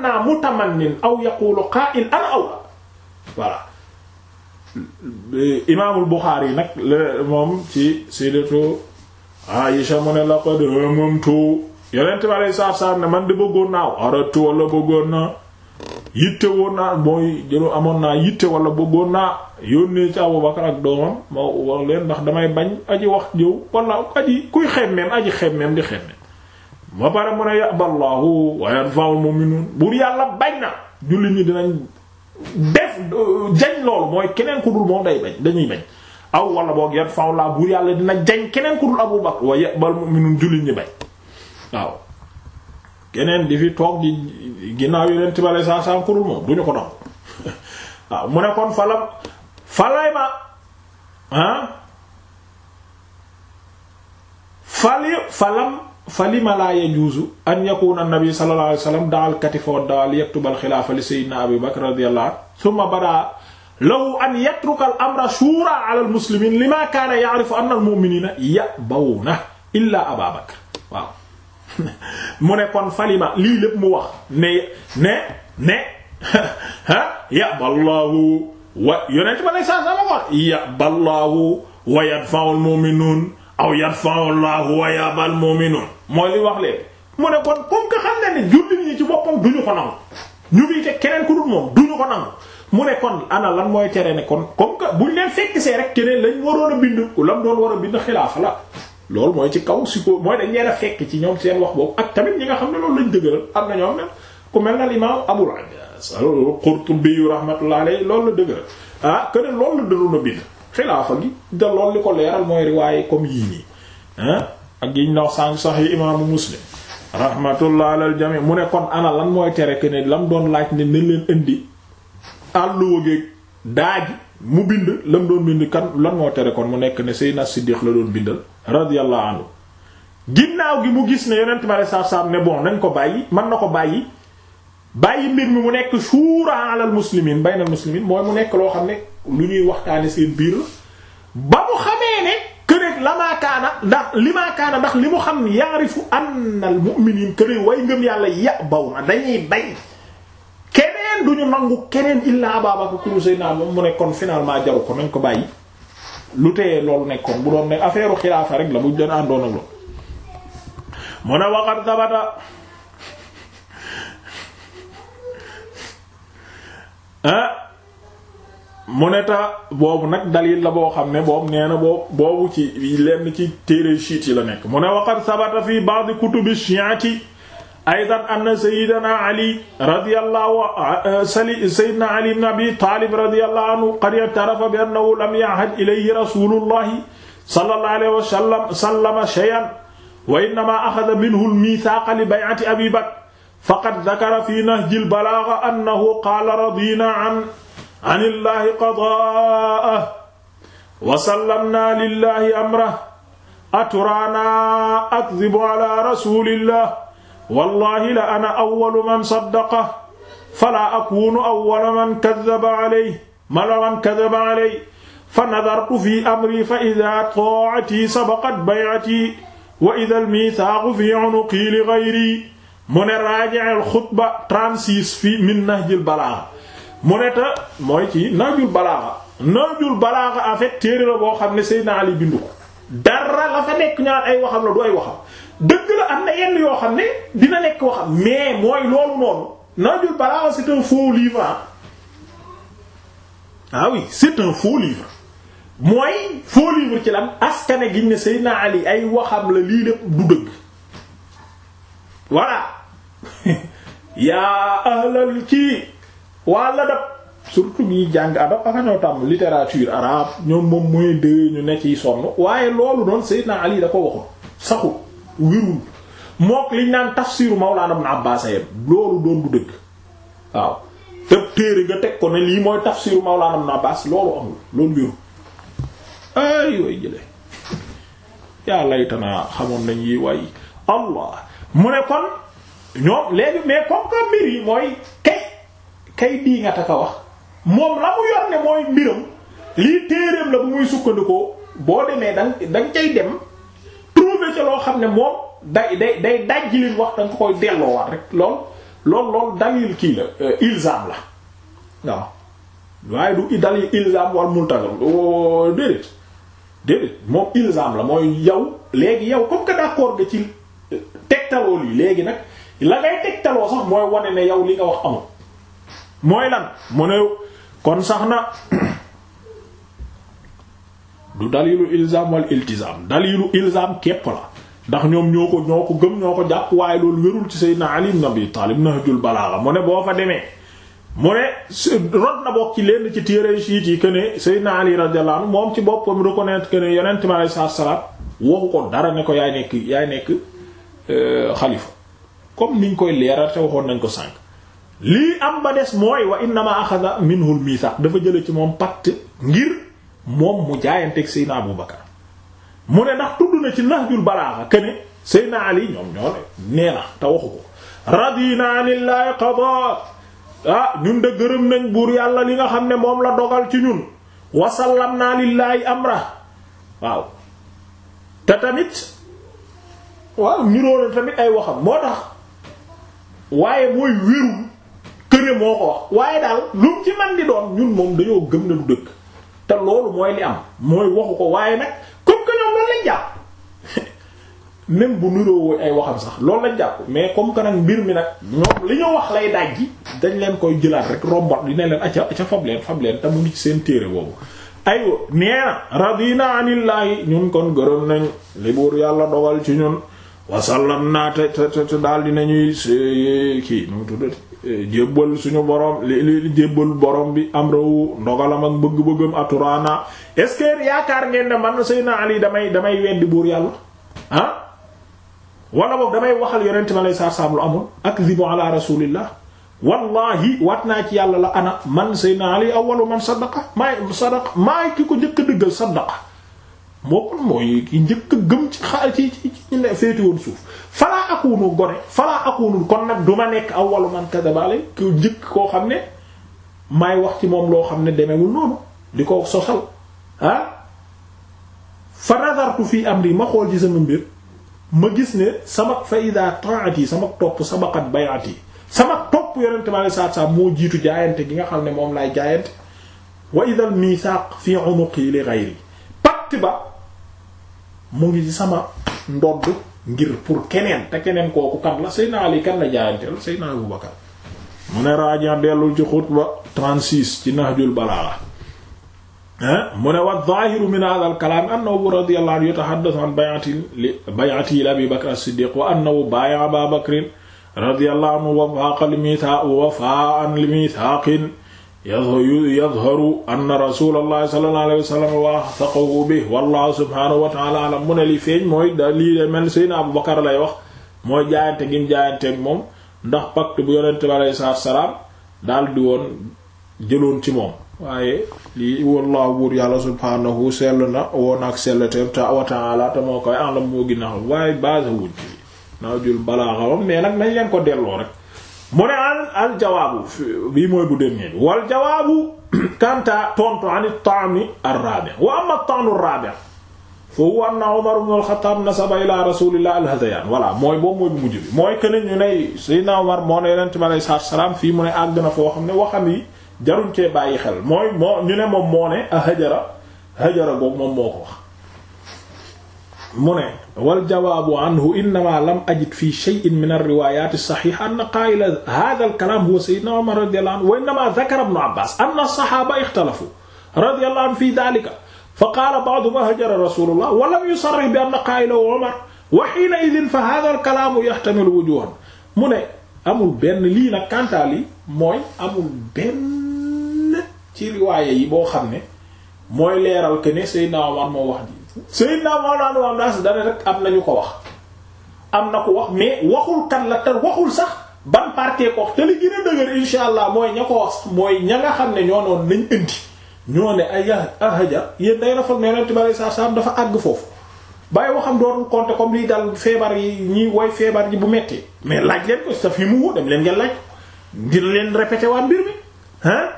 S1: naa mutamannin aw yaqulu qaa'il ana awla voilà imaamul Buxaari yi nag moom ci sayyidatu Aisha mu ne laqad hamamtu yonent bi alayhi salaatu salaam ne man di bëggoon naa aratu wala bëggoon naa yitte woon naa mooy jëlu amoon naa yitte wala bëggoon naa yónnee ci Abubakar ak doomam moo wax leen ndax damay bañ aji wax jëw wala aji kuy xemmem aji xemmem di xemmem ma pare mu ne yàballaahu wa yanfa'ul mu'minun buur yàlla bañ na jullit ñi dinañ def jañ loolu mooy keneen ku moom day bañ dañuy bañ aw wala boog yanfa'ul laa buur yàlla dina jañ keneen ku dul Abu Bakr wa ya'bal mu'minun jullit ñi bañ waaw keneen di ko dox waaw mu ne kon falam falay ma ah fali falam fa lima laa yajuuzu an yakuna annabi sallallahu alayhi wa sallam daal katifa wa daal yaktubal xilaafa li sayyidina abi bakr radiyallahu anhu thumma bada lahu an yatruka al amra shura ala al muslimin lima kaana ya'rifu anna al mu'minina ya'bawna illa aba bakr waaw mu ne kon falima lii lépp mu wax ne ne ne ha ya'ballahu wa yonent ba lay sa sa la wax ya'ballahu wa yadfa'u al mu'minun aw yarfa'u Allahu wa yabal mu'minun mooy li wax leen mu ne kon comme que xam na ne jullit ñi ci boppam duñu ko nangu ñu ngi te keneen ku dul moom duñu ko nangu mu ne kon ana lan mooy tere ne kon comme que buñ leen fekk see rek keneen lañ waroon a bind lam doon war a bind xilaaf la loolu mooy ci kaw si ko mooy leen a ci ñoom seen wax boobu ak tamit ñi nga xam ne loolu lañ dëgëral am na ñoom mel ku mel na imaam Abul Abbas al-Qurtubi rahmatullahi alayhi loolu la dëgëral ah keneen loolu la doon a bind. xilaafa gi da lool li ko leeral mooy riwaaye comme yii nii ah ak yiñ ndaw sànq sax yi imaamu muslim rahmatullah alal jami mu ne kon ana lan mooy tere que ne lam doon laaj ne leen indi àlluwageeg daaji mu bind lam doon bind kan lan moo tere kon mu nekk ne Seydina Siddiq la doon bindal radiyallahu anhu ginnaaw gi mu gis ne yonent ma saab saab ne bon nañ ko bàyyi mën na ko bàyyi bàyyi mbir mi mu nekk suuraa alal muslimin baynal muslimin mooy mu nekk loo xam ne lu ñuy waxtaane seen biir la ba mu xamee ne këneeg lamaakaana ndax limaakaana ndax li mu xam yaarifu annal mu'miniin këneeg way ngëm yàlla ya baw na dañuy bay keneen duñu nangu keneen illaa ababaka kurusey naa mu ne kon finalement jaru ko nañ ko bàyyi lu tee loolu nekkoon bu doon ne affaire xilaafa rek la bu doon àndoon loolu mu ne waqat dabata ah. mu ne ta boobu nag dalil la boo xam ne boobu nee na boobu boobu ci lenn ci téere chiite yi la nekk mu ne waqad sabata fi ba'd kutubi shi'ati aydan anna sayyidina ali radiyallahu sayyidina ali ibn abi talib radiyallahu anhu qad i'tarafa bi annahu lam ya'had ilayhi rasulullahi sallallahu alayhi wa sallam sallama shay'an wa innama akhadha minhu al-mithaqa li bay'ati abi bakr faqad dhakara fi nahji al-balagha annahu qala radina an an illaahi qadaa'ahu wa sallamnaa lillaahi amrahu aturaanaa akdibu alaa rasuulillah wallaahi la ana awwalu man saddaqahu falaa akuunu awwala man kaddaba alayhi mala man kaddaba alayhi fa nadartu fii amrii fa idaa taatii sabaqat bay'atii wa idal miisaaqu fii unuqii li ghayrii mu ne raaji'il xutba 36 fii min nahjil balaaga mu mooy ci Nahjul Balaaxa Nahjul Balaaxa en fait téere la boo xam ne Seydina Ali bindu ko dara la fa nekk ñaan ay waxam la du ay waxam dëgg la am na yenn yoo xam ne dina nekk waxam mais mooy loolu noonu Nahjul Balaaxa c'est un faux ah oui c'est un faux mooy faux livre ci lan askane giñ ne Seydina Ali ay waxam la lii lépp du dëgg voilà yaa ahlal kii waa ladab surtout ñiy jàng adab aka ñoo tàmm littérature arabe ñoom moom mooy de ñu ne ciy sonn waaye loolu noonu Seydina Ali da ko waxoon saxu wirul mook liñ naan tafsiru Mawlana Ibn Abbas ayem loolu doon du dëgg waaw tëb téere nga teg ko ne lii mooy tafsiru Mawlana Ibn Abbas loolu amul loolu wirul ay way jële yaa laytana xamoon nañ yi way Allah mu ne kon ñoom léegi mais comme que mbir yi mooy day dii nga taka wax moom la mu yor ne mooy mbiram lii téereem la bu muy sukkandikoo boo demee da nga da nga dem trouver ca loo xam ne moom day day day dajji wax da nga koy delloowaat rek lool lool lool dalil kii la euh, ilzam la waaw waaye du dalil ilzam wal multazam déedéet déedéet moom ilzam la mooy yow léegi yow comme que d'accord nga ci euh, tegtaloo lii léegi nag la ngay tegtaloo sax mooy wane ne yow li nga wax amul mooy lan mu ne kon sax na du dalilu ilzam wal iltizam dalilu ilzam képp la ndax ñoom ñoo ko ñoo ko gëm ñoo ko jàpp waaye loolu wérul ci Seydina Ali ibn Abi Talib Nahjul Balagha mu ne boo fa demee mu ne rod na bokk ci lenn ci téere siit yi que ne Seydina Ali radiyallahu anhu moom ci boppam reconnaître que ne yonent mi alayhi salaam waxu ko dara ne ko yaay nekk yaay nekk euh, xalifa comme niñ koy leeral te waxoon nañ ko sànq. lii am ba des mooy wa innama axada minhu al dafa jële ci moom pacte ngir moom mu jaayanteeg Seydina Abu Bakar mu ne ndax tudd na ci Nahjul Balaaxa kene Seydina Ali ñoom ñoo ne nee na te waxu ko radina lillahi qada ah ñun de gërëm nañ buur yàlla li nga xam ne moom la dogal ci ñun wasallam naa lillahi amra waaw te tamit waaw niroo tamit ay waxam moo tax waaye mooy wéru këne moo ko wax waaye daal lu mu ci man di doon ñun moom dañoo gëm ne du dëkk te loolu mooy li am mooy waxu ko waaye nag comme que ñoom loolu lañ jàpp même bu niroo ay waxam sax loolu lañ jàpp mais comme que nag mbir mi nag ñoom li ñu wax lay dajji dañ leen koy jëlaat rek rombat di ne leen acca acca fab leen fab leen te mu ngi ci seen téere boobu aywa neena radina anillaahi ñun kon gërëm nañ li buur yàlla dogal ci ñun wasallam naa te te te daal dinañuy kii nu mu tuddati jébbal suñu borom li li jébbal borom bi am rawu ndogalam ak bëgg-bëggam aturaana est-ce que yaakaar ngeen ne man Seydina Ali damay damay weddi buur yàlla ah wala boog damay waxal yonent ma lay saar-saam lu amul akzibu ala rasulillah wallahi waat naa ci yàlla la ana man Seydina Ali awwalu man sadaqa maay ki ko njëkk a dëggal sadaqa moo kon mooy ki njëkk gëm ci xaar ci ci ci féeti woon suuf falaa akunu gone falaa akunu kon nag du ma nekk awwalu man kadaba alay ku njëkk koo xam ne may wax ci moom loo xam ne demewul noonu di ko sosal ah fa nadartu am amri ma xool ci sama mbir ma gis ne sama fa ida taat yi sama topp sabaqat bayat yi sama topp yonente mi alei satu salaam moo jiitu jaayante gi nga xam ne moom laay jaayante wa ida al mithaq fi unuqi li ghayri patt ba mu ngi ci sama ndodd ngir pour keneen te keneen kooku kan la Seydina Ali kan la jaayanteel Seydina Abu Bakar mu ne dellul ci xutba 36 ci Nahjul Balaaga eh? mu ne wa zaahiru min haadhal kalaam annahu radiyallahu anhu yatahaddathu an bay'ati li bay'ati li Abi Bakr as wa annahu baaya'a Abaa Bakrin radiyallahu anhu wafaaqan li mithaaq wa wafaa'an li mithaaqin yadharu anna rasulallahi sallallahu alayhi wa sallam wathaqahu bi wallahu subhanahu wa ta'ala alam mu ne li feeñ mooy da lii de mel Seydina Abu Bakar lay wax mooy jaayante gi mu moom ndax pacte bu yonente bi alayhi salaatu salaam daal di woon jëloon ci moom waaye lii wallahu buur yàlla subhanahu sell na woon ak sellteem te wa ta'ala te moo koy alam moo gën xam waaye base wuñ ci naaw jul balaa xawam mais nag nañ leen ko delloo rek mu ne al al jawaabu bii mooy bu dernier bi wal jawaabu kanta tontu an at-ta'ni ar-rabi' wa amma at-ta'nu ar-rabi' fa huwa anna Umar ibn al-Khattab nasaba ila rasulillah al-hadayan voilà mooy boobu mooy bu mujj bi mooy que ñu ne Seydina Umar moo ne yonent bi alayhi salaatu salaam fii mu ne àgg na foo xam ne waxam yi jaruñ cee bàyyi xel mooy moo ñu ne moom moo ne a hajara hajara boobu moom moo ko wax mu ne wal jawaabu anhu innama lam ajid fi shay'in min ar-riwayat as-sahiha anna qaa'ila hadha al-kalam huwa sayyidina Umar radiyallahu anhu wa innama dhakara ibn Abbas anna as-sahaba ikhtalafu radiyallahu anhu fi dhalika fa qaala ba'duhum hajara rasulullah wa lam yusarrih bi anna qaa'ilahu Umar wa hiina idhin fa hadha al-kalam yahtamilu wujuhan mu ne amul benn lii nag kantaal yi mooy amul benn ci riwaaya yi boo xam ne mooy leeral que ne sayyidina Umar moo wax ji Seydina Mawlana Ibn Abbas dana rek am na ñu ko wax am na ko wax mais waxul kan la te waxul sax ban partie ko wax te li gën dëgër insha allah mooy ña ko wax mooy ña nga xam ne ñoo noonu nañ indi ñoo ne ay ahaja ah, yéen day rafal ne yonent bi sallallahu alayhi wasallam dafa àgg foofu bàyyi waxam dootul compter comme liy dal feebar yi ñuy woy feebar yi bu metti mais laaj leen ko sa fi mu dem leen ngeen laaj ngir leen répété waa mbir mi ah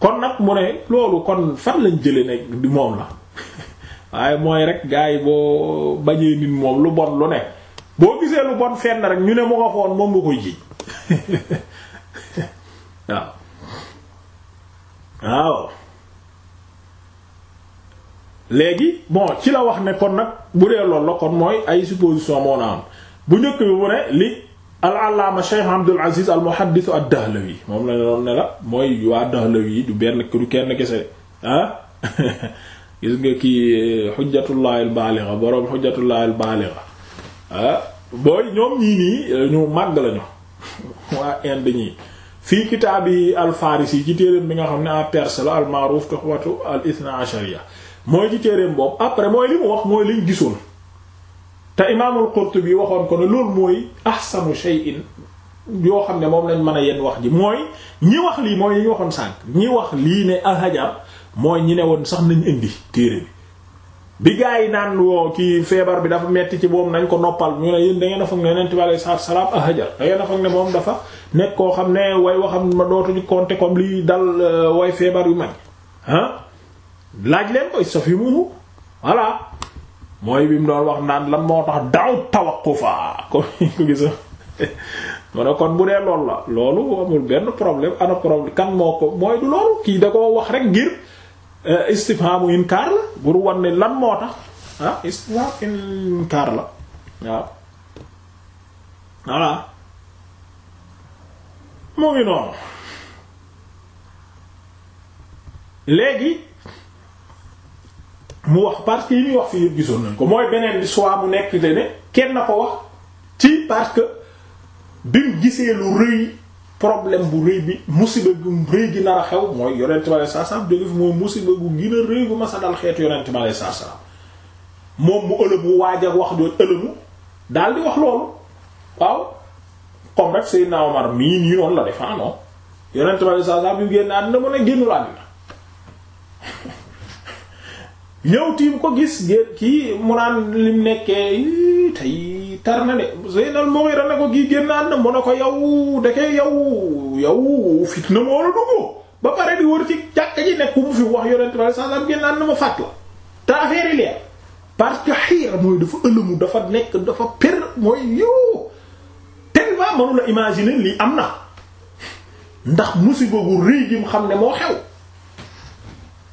S1: kon nag mu ne loolu kon fan lañ jëlee ne moom la waaye mooy rek gaa yi boo bañee nit moom lu bon lu ne boo gisee lu bon fenn rek ñu ne mu nga foon moom nga koy ji waaw léegi bon ci la wax ne kon nag bu dee loolu la kon mooy ay supposition moo na am bu njëkk bi mu ne li al-allaama Cheikh Abdul Aziz al-muhaddith ad moom la doon ne la mooy waa Dahlawi du benn du kenn kese ah gis nga kii xujjatullahil eh, baalixa boroom xujjatullahil baalixa ah booy ñoom ñii nii eh, ñu màgg lañu waa Inde ñii fii kitaabi al ci téereem bi nga xam ne en perse la al ma'ruf tuhwatu al mooy ci téereem boobu après mooy li mu wax mooy liñ gisoon te imaamul Qurtubi waxoon ko ne loolu mooy ahsanu shay'in yoo xam ne moom lañ mën a yenn wax ji mooy ñi wax lii mooy ñi waxoon sànq ñi wax lii ne al hajar mooy ñi ne woon sax nañ indi téere bi bi gaa yi naan woo kii feebar bi dafa metti ci moom nañ ko noppal ñu da ngeen a foog ne yonent bi ne moom dafa nekk koo xam ne way waxam ma dootuñu compter comme lii dal euh, way feebar yu mag ah laaj leen koy saf yu mumu voilà mooy wax naan lan moo tax daaw tawaqqufa ko kon bu dee loolu la loolu amul benn du loolu kii da koo wax rek ngir Euh, istifhamu inkaar la buru wan ne lan moo tax ah istifham la waaw voilà mu ngi noonu léegi mu wax parce que yi muy wax fi yëpp gisoon nañ ko mooy beneen bi soit mu nekk te kenn a ko wax ci parce que bi mu gisee lu rëy problème bu rëy bi musiba gu rëy gi nar a xew mooy yonent bi aleyhi salaam jóge fi mooy musiba gu gën a rëy gu mas dal xeetu yonent bi aleyhi salaam moom mu ëlëmu waaj wax jooju ëlëmu daal di wax loolu waaw comme rek Seydina Omar mii nii noonu la def ah non yonent bi aleyhi salaam yu génn àddina mu ne génnul àddina ñëw tiim ko gis gén kii mu naan lim nekkee tey. tar na de Seydina Mughira ne ko kii génnaan na mu ne ko yow dake yow yow fitna moo la dugg ba pare di wër ci jàkka ji nekk mu fi wax yonent ba sànqam génnaan na ma fàtt la te affaire yi leer parce que xiira mooy dafa ëllëmu dafa nekk dafa per mooy yow tellement mënula imaginer lii am na ndax musiba gu rëy gi mu xam ne moo xew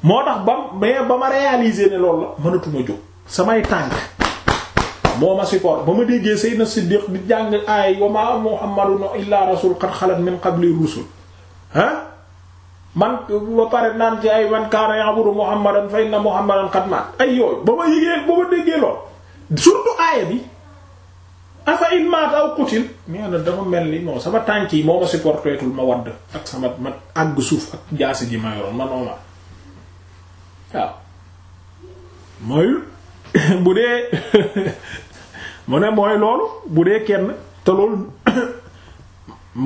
S1: moo tax ba mais ba ma réaliser ne loolu la mënatuma jóg samay tànk moo ma support ba ma déggee Seydina Siddiq di jàng aay wa ma Muhammadun illa rasul qad xalat min qabli rusul ah man ba pare naan ci ay man kaana ya'budu Muhammadan fa inna Muhammadan qad mat ay yooyu ba ma yégee ba ma déggee lool surtout aaya bi afa in maat aw qutil mais nag dafa mel ni non sama tànk yi moo ma supporteetul ma wadd ak sama ma àgg suuf ak jaasi ji ma yoroon ma nooma waaw mooy bu dee mu ne mooy loolu bu dee kenn te loolu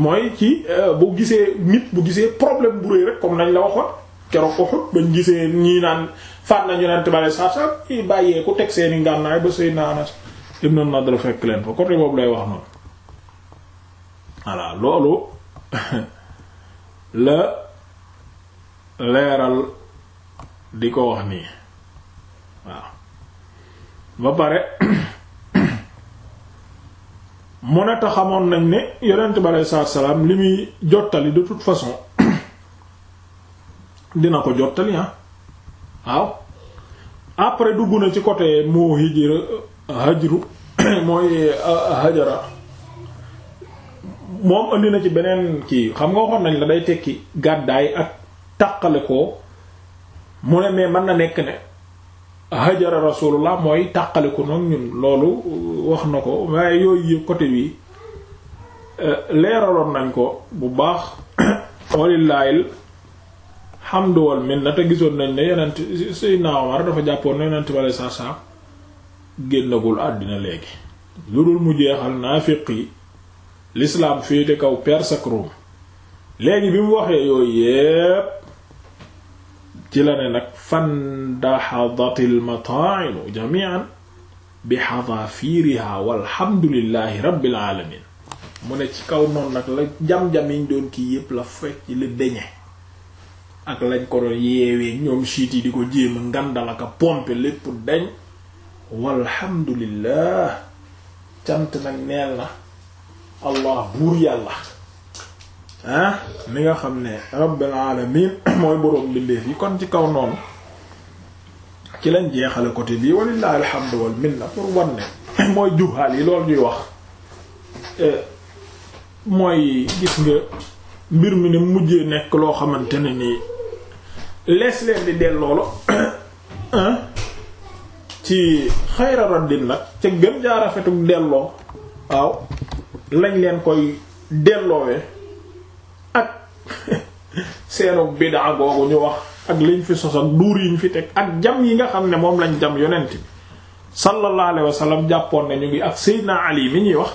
S1: mooy ci euh, bu gisee nit bu gisee problème bu rëy rek comme nañ la waxoon keroog Uhud bañ gisee ñuy naan faat nañu naan tibale saab-saab i bàyyee ku teg seeni ngànnaay ba Seydina Anas ibn Nadr fekk leen fa côté boobu lay wax noonu voilà loolu la leeral di ko wax nii waaw ba pare mu ne xamoon nañ ne yonent bi aleyhi salaam li muy jottali de toute façon dina ko jottali ah waaw après dugg na ci côté moo hijra hajru mooy ah, hajara moom andi ci beneen kii xam nga waxoon nañ la day tekki gàddaay ak taqale ko mu ne mais mën na nekk ne hajara rasulullah mooy tàqaliku noonu ñun loolu uh, wax na ko waaye yooyu côté bi uh, leeraloon nañ ko bu baax walilaahil hamdu wal na te gisoon nañ ne yonent Seydina Omar dafa jàppoon ne yonent bale saa saa génnagul àddina léegi lu dul mu jeexal naa naafiq yi fii féete kaw Perse ak Rome léegi bi mu waxee yooyu yépp ci la ne nag fandaxadatil mata'inu jami'an bi xadaafiriha walhamdulillahi rabbil alamin mu ne ci kaw noonu nag la jam-jam yiñ doon kii yépp la fekk ci li deñe ak lañ ko doon yeewee ñoom siit yi di ko jéema ngandalaka pompe lépp dañ walhamdulillah cant nag neel na allah buur yàlla ah mi nga xam ne rabbil alamin mooy boroom bindeef yi kon ci kaw noonu ci lañ jeexale côté bii walillahi alhamdu wal minna pour wanne mooy juhaal yi loolu ñuy wax euh, mooy gis nga mbir mi ne mujjee nekk loo xamante ne nii lees leen di delloo la ci xayra raddin nag ca gën jaarafetuk delloo waaw lañ leen koy delloowee seenu bid'a boobu ñu wax ak liñ fi sos ak duur ñu fi teg ak jam yi nga xam ne moom lañ jam yonent bi sallallahu alayhi wa jàppoon ne ñu ngi ak Seydina Ali mi ñuy wax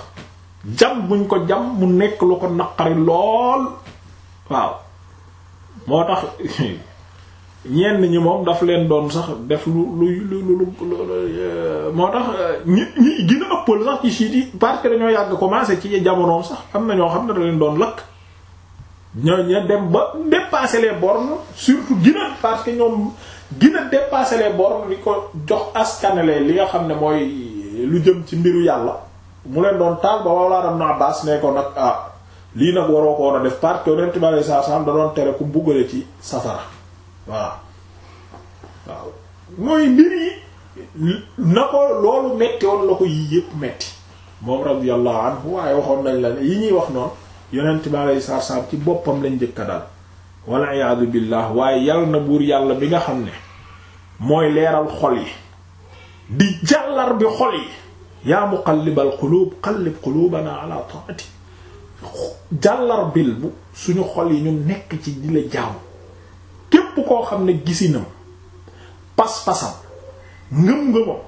S1: jam buñ ko jam mu nekk lu ko naqari lool waaw moo tax ñenn ñi moom daf leen doon sax def lu lu lu lu moo tax ñi ñi gën a ëppal sax ci siit yi parce que dañoo yàgg commencé ci jamono sax am na ñoo xam ne da leen doon lakk ñoo ña dem ba dépasser les bornes surtout Guinée parce que ñoom Guinée dépasser les bornes ko jox askanale li nga xam ne mooy lu jëm ci mbiru yàlla mu leen doon taal ba wala ram na baas ne ko nag ah, lii nag waroo ko war a def parce que Yonent bi alayhi salaatu salaam da doon tere ku mbugale ci safara waaw mooy mbir na ko loolu metti woon la ko yii yépp metti moom radiyallahu anhu waaye waxoon nañ la yi ñuy wax noonu yonent bi alayhi salaatu salaam ci boppam lañ njëkk a dal wal iyaadu billah waaye yal na buur yàlla bi nga xam ne mooy leeral xol yi di jàllar bi xol yi yaa muqallibal quluub qallib quluubanaa alaa ta'ati jàllar bil bu suñu xol yi ñu nekk ci di la jaamu képp koo xam ne gisinam pas-pasam ngëm-ngëmam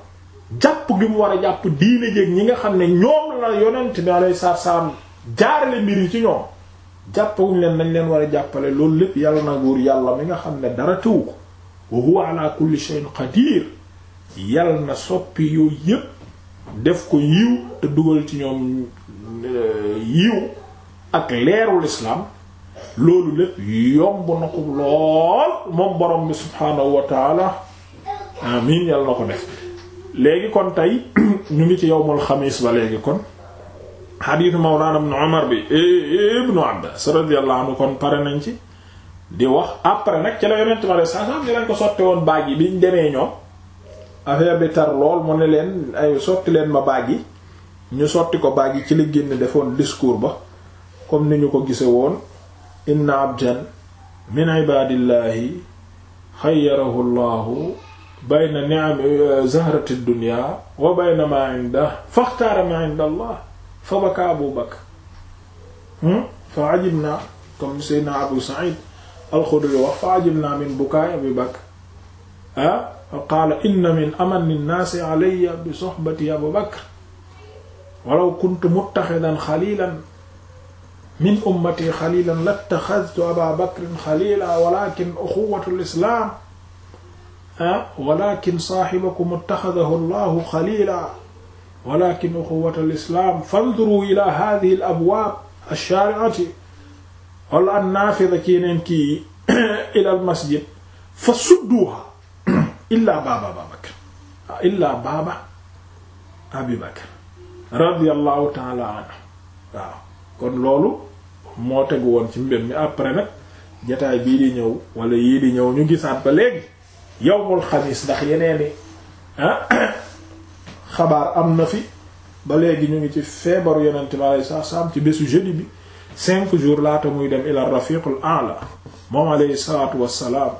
S1: jàpp gi mu war a jàpp diine jéeg ñi nga xam ne ñoom la yonent bi alayhi salaatu jaarale mbir yi ci ñoom jàppawuñ leen nañ leen war a jàppale loolu lépp yàlla na nguur yàlla mi nga xam ne dara tëwu ko wa huwa ala kulli shay'in qadir yàlla na soppi yooyu yépp def ko yiw te dugal ci ñoom eh, yiw ak leerul islam loolu lépp yomb na lool moom boroom bi subhaanahu wa taala yàlla na ko def léegi kon tey ñu ngi ci yowmul xamis ba léegi kon xadiisu mawlaana ibnu Umar bi ibnu Abbaas radiyallahu anhu kon pare nañ ci di wax après nag ci la yonent ma le saasam di lañ ko sotti woon baag yi biñ demee ñoom affaire bi tar lool mu ne leen ay sotti leen ma baag yi ñu sotti ko baag yi ci li génn defoon discours ba comme ni ñu ko gise woon inna abdan min ibadillahi xayyarahu llahu bayna ni'am eh, zahrati dunya wa bayna ma inda faxtaara ma inda allah fa baka Abu Bakr hmm? fa ajibna comme Seydina Abu Sa'id al-Khudri wax fa ajibna min bukaa Abi Bakr ah fa qaala inna min amanni nnaasi alayya bi sohbati Abu Bakr walaw kuntu muttaxidan xalilan min ummati xalilan lattaxadtu Abaa Bakrin xalila walakin uxuwatu lislaam ah walakin saahibakum ittaxadahu Allahu xalila walakin uxuwat alislaam fanduru ila hadihi al abwaab alshaariati wala naafida ci yeneen kii ila al masjid fa sudduha illa baaba ah, aba radiallahu taala anhu waaw kon loolu moo tegu woon ci mbir mi après nag jataay bii di ñëw wala yii di ñëw ñu gisaat ba léegi yowmul xamiis ndax yeneeni ah xabaar am na fi ba léegi ñu ngi ci feebaru yonent bi alayhi salaatu salaam ci bésu jeudi bi cinq jours laata muy dem ila rafiqul a'la moom alayhi salaatu wassalaam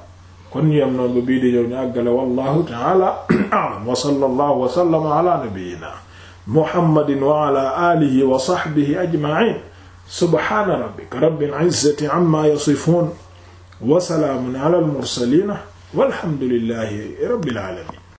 S1: kon ñu yem noonu ba bii di ñëw ñu àggale wallahu ta'ala a'lam wa sallallahu wa sallama ala nabiyyina muhammadin wa ala alihi wa sahbihi ajma'in subhana rabbika rabbil izzati amma yasifun wa salaamun ala al mursalin walhamdulillahi rabbil alamin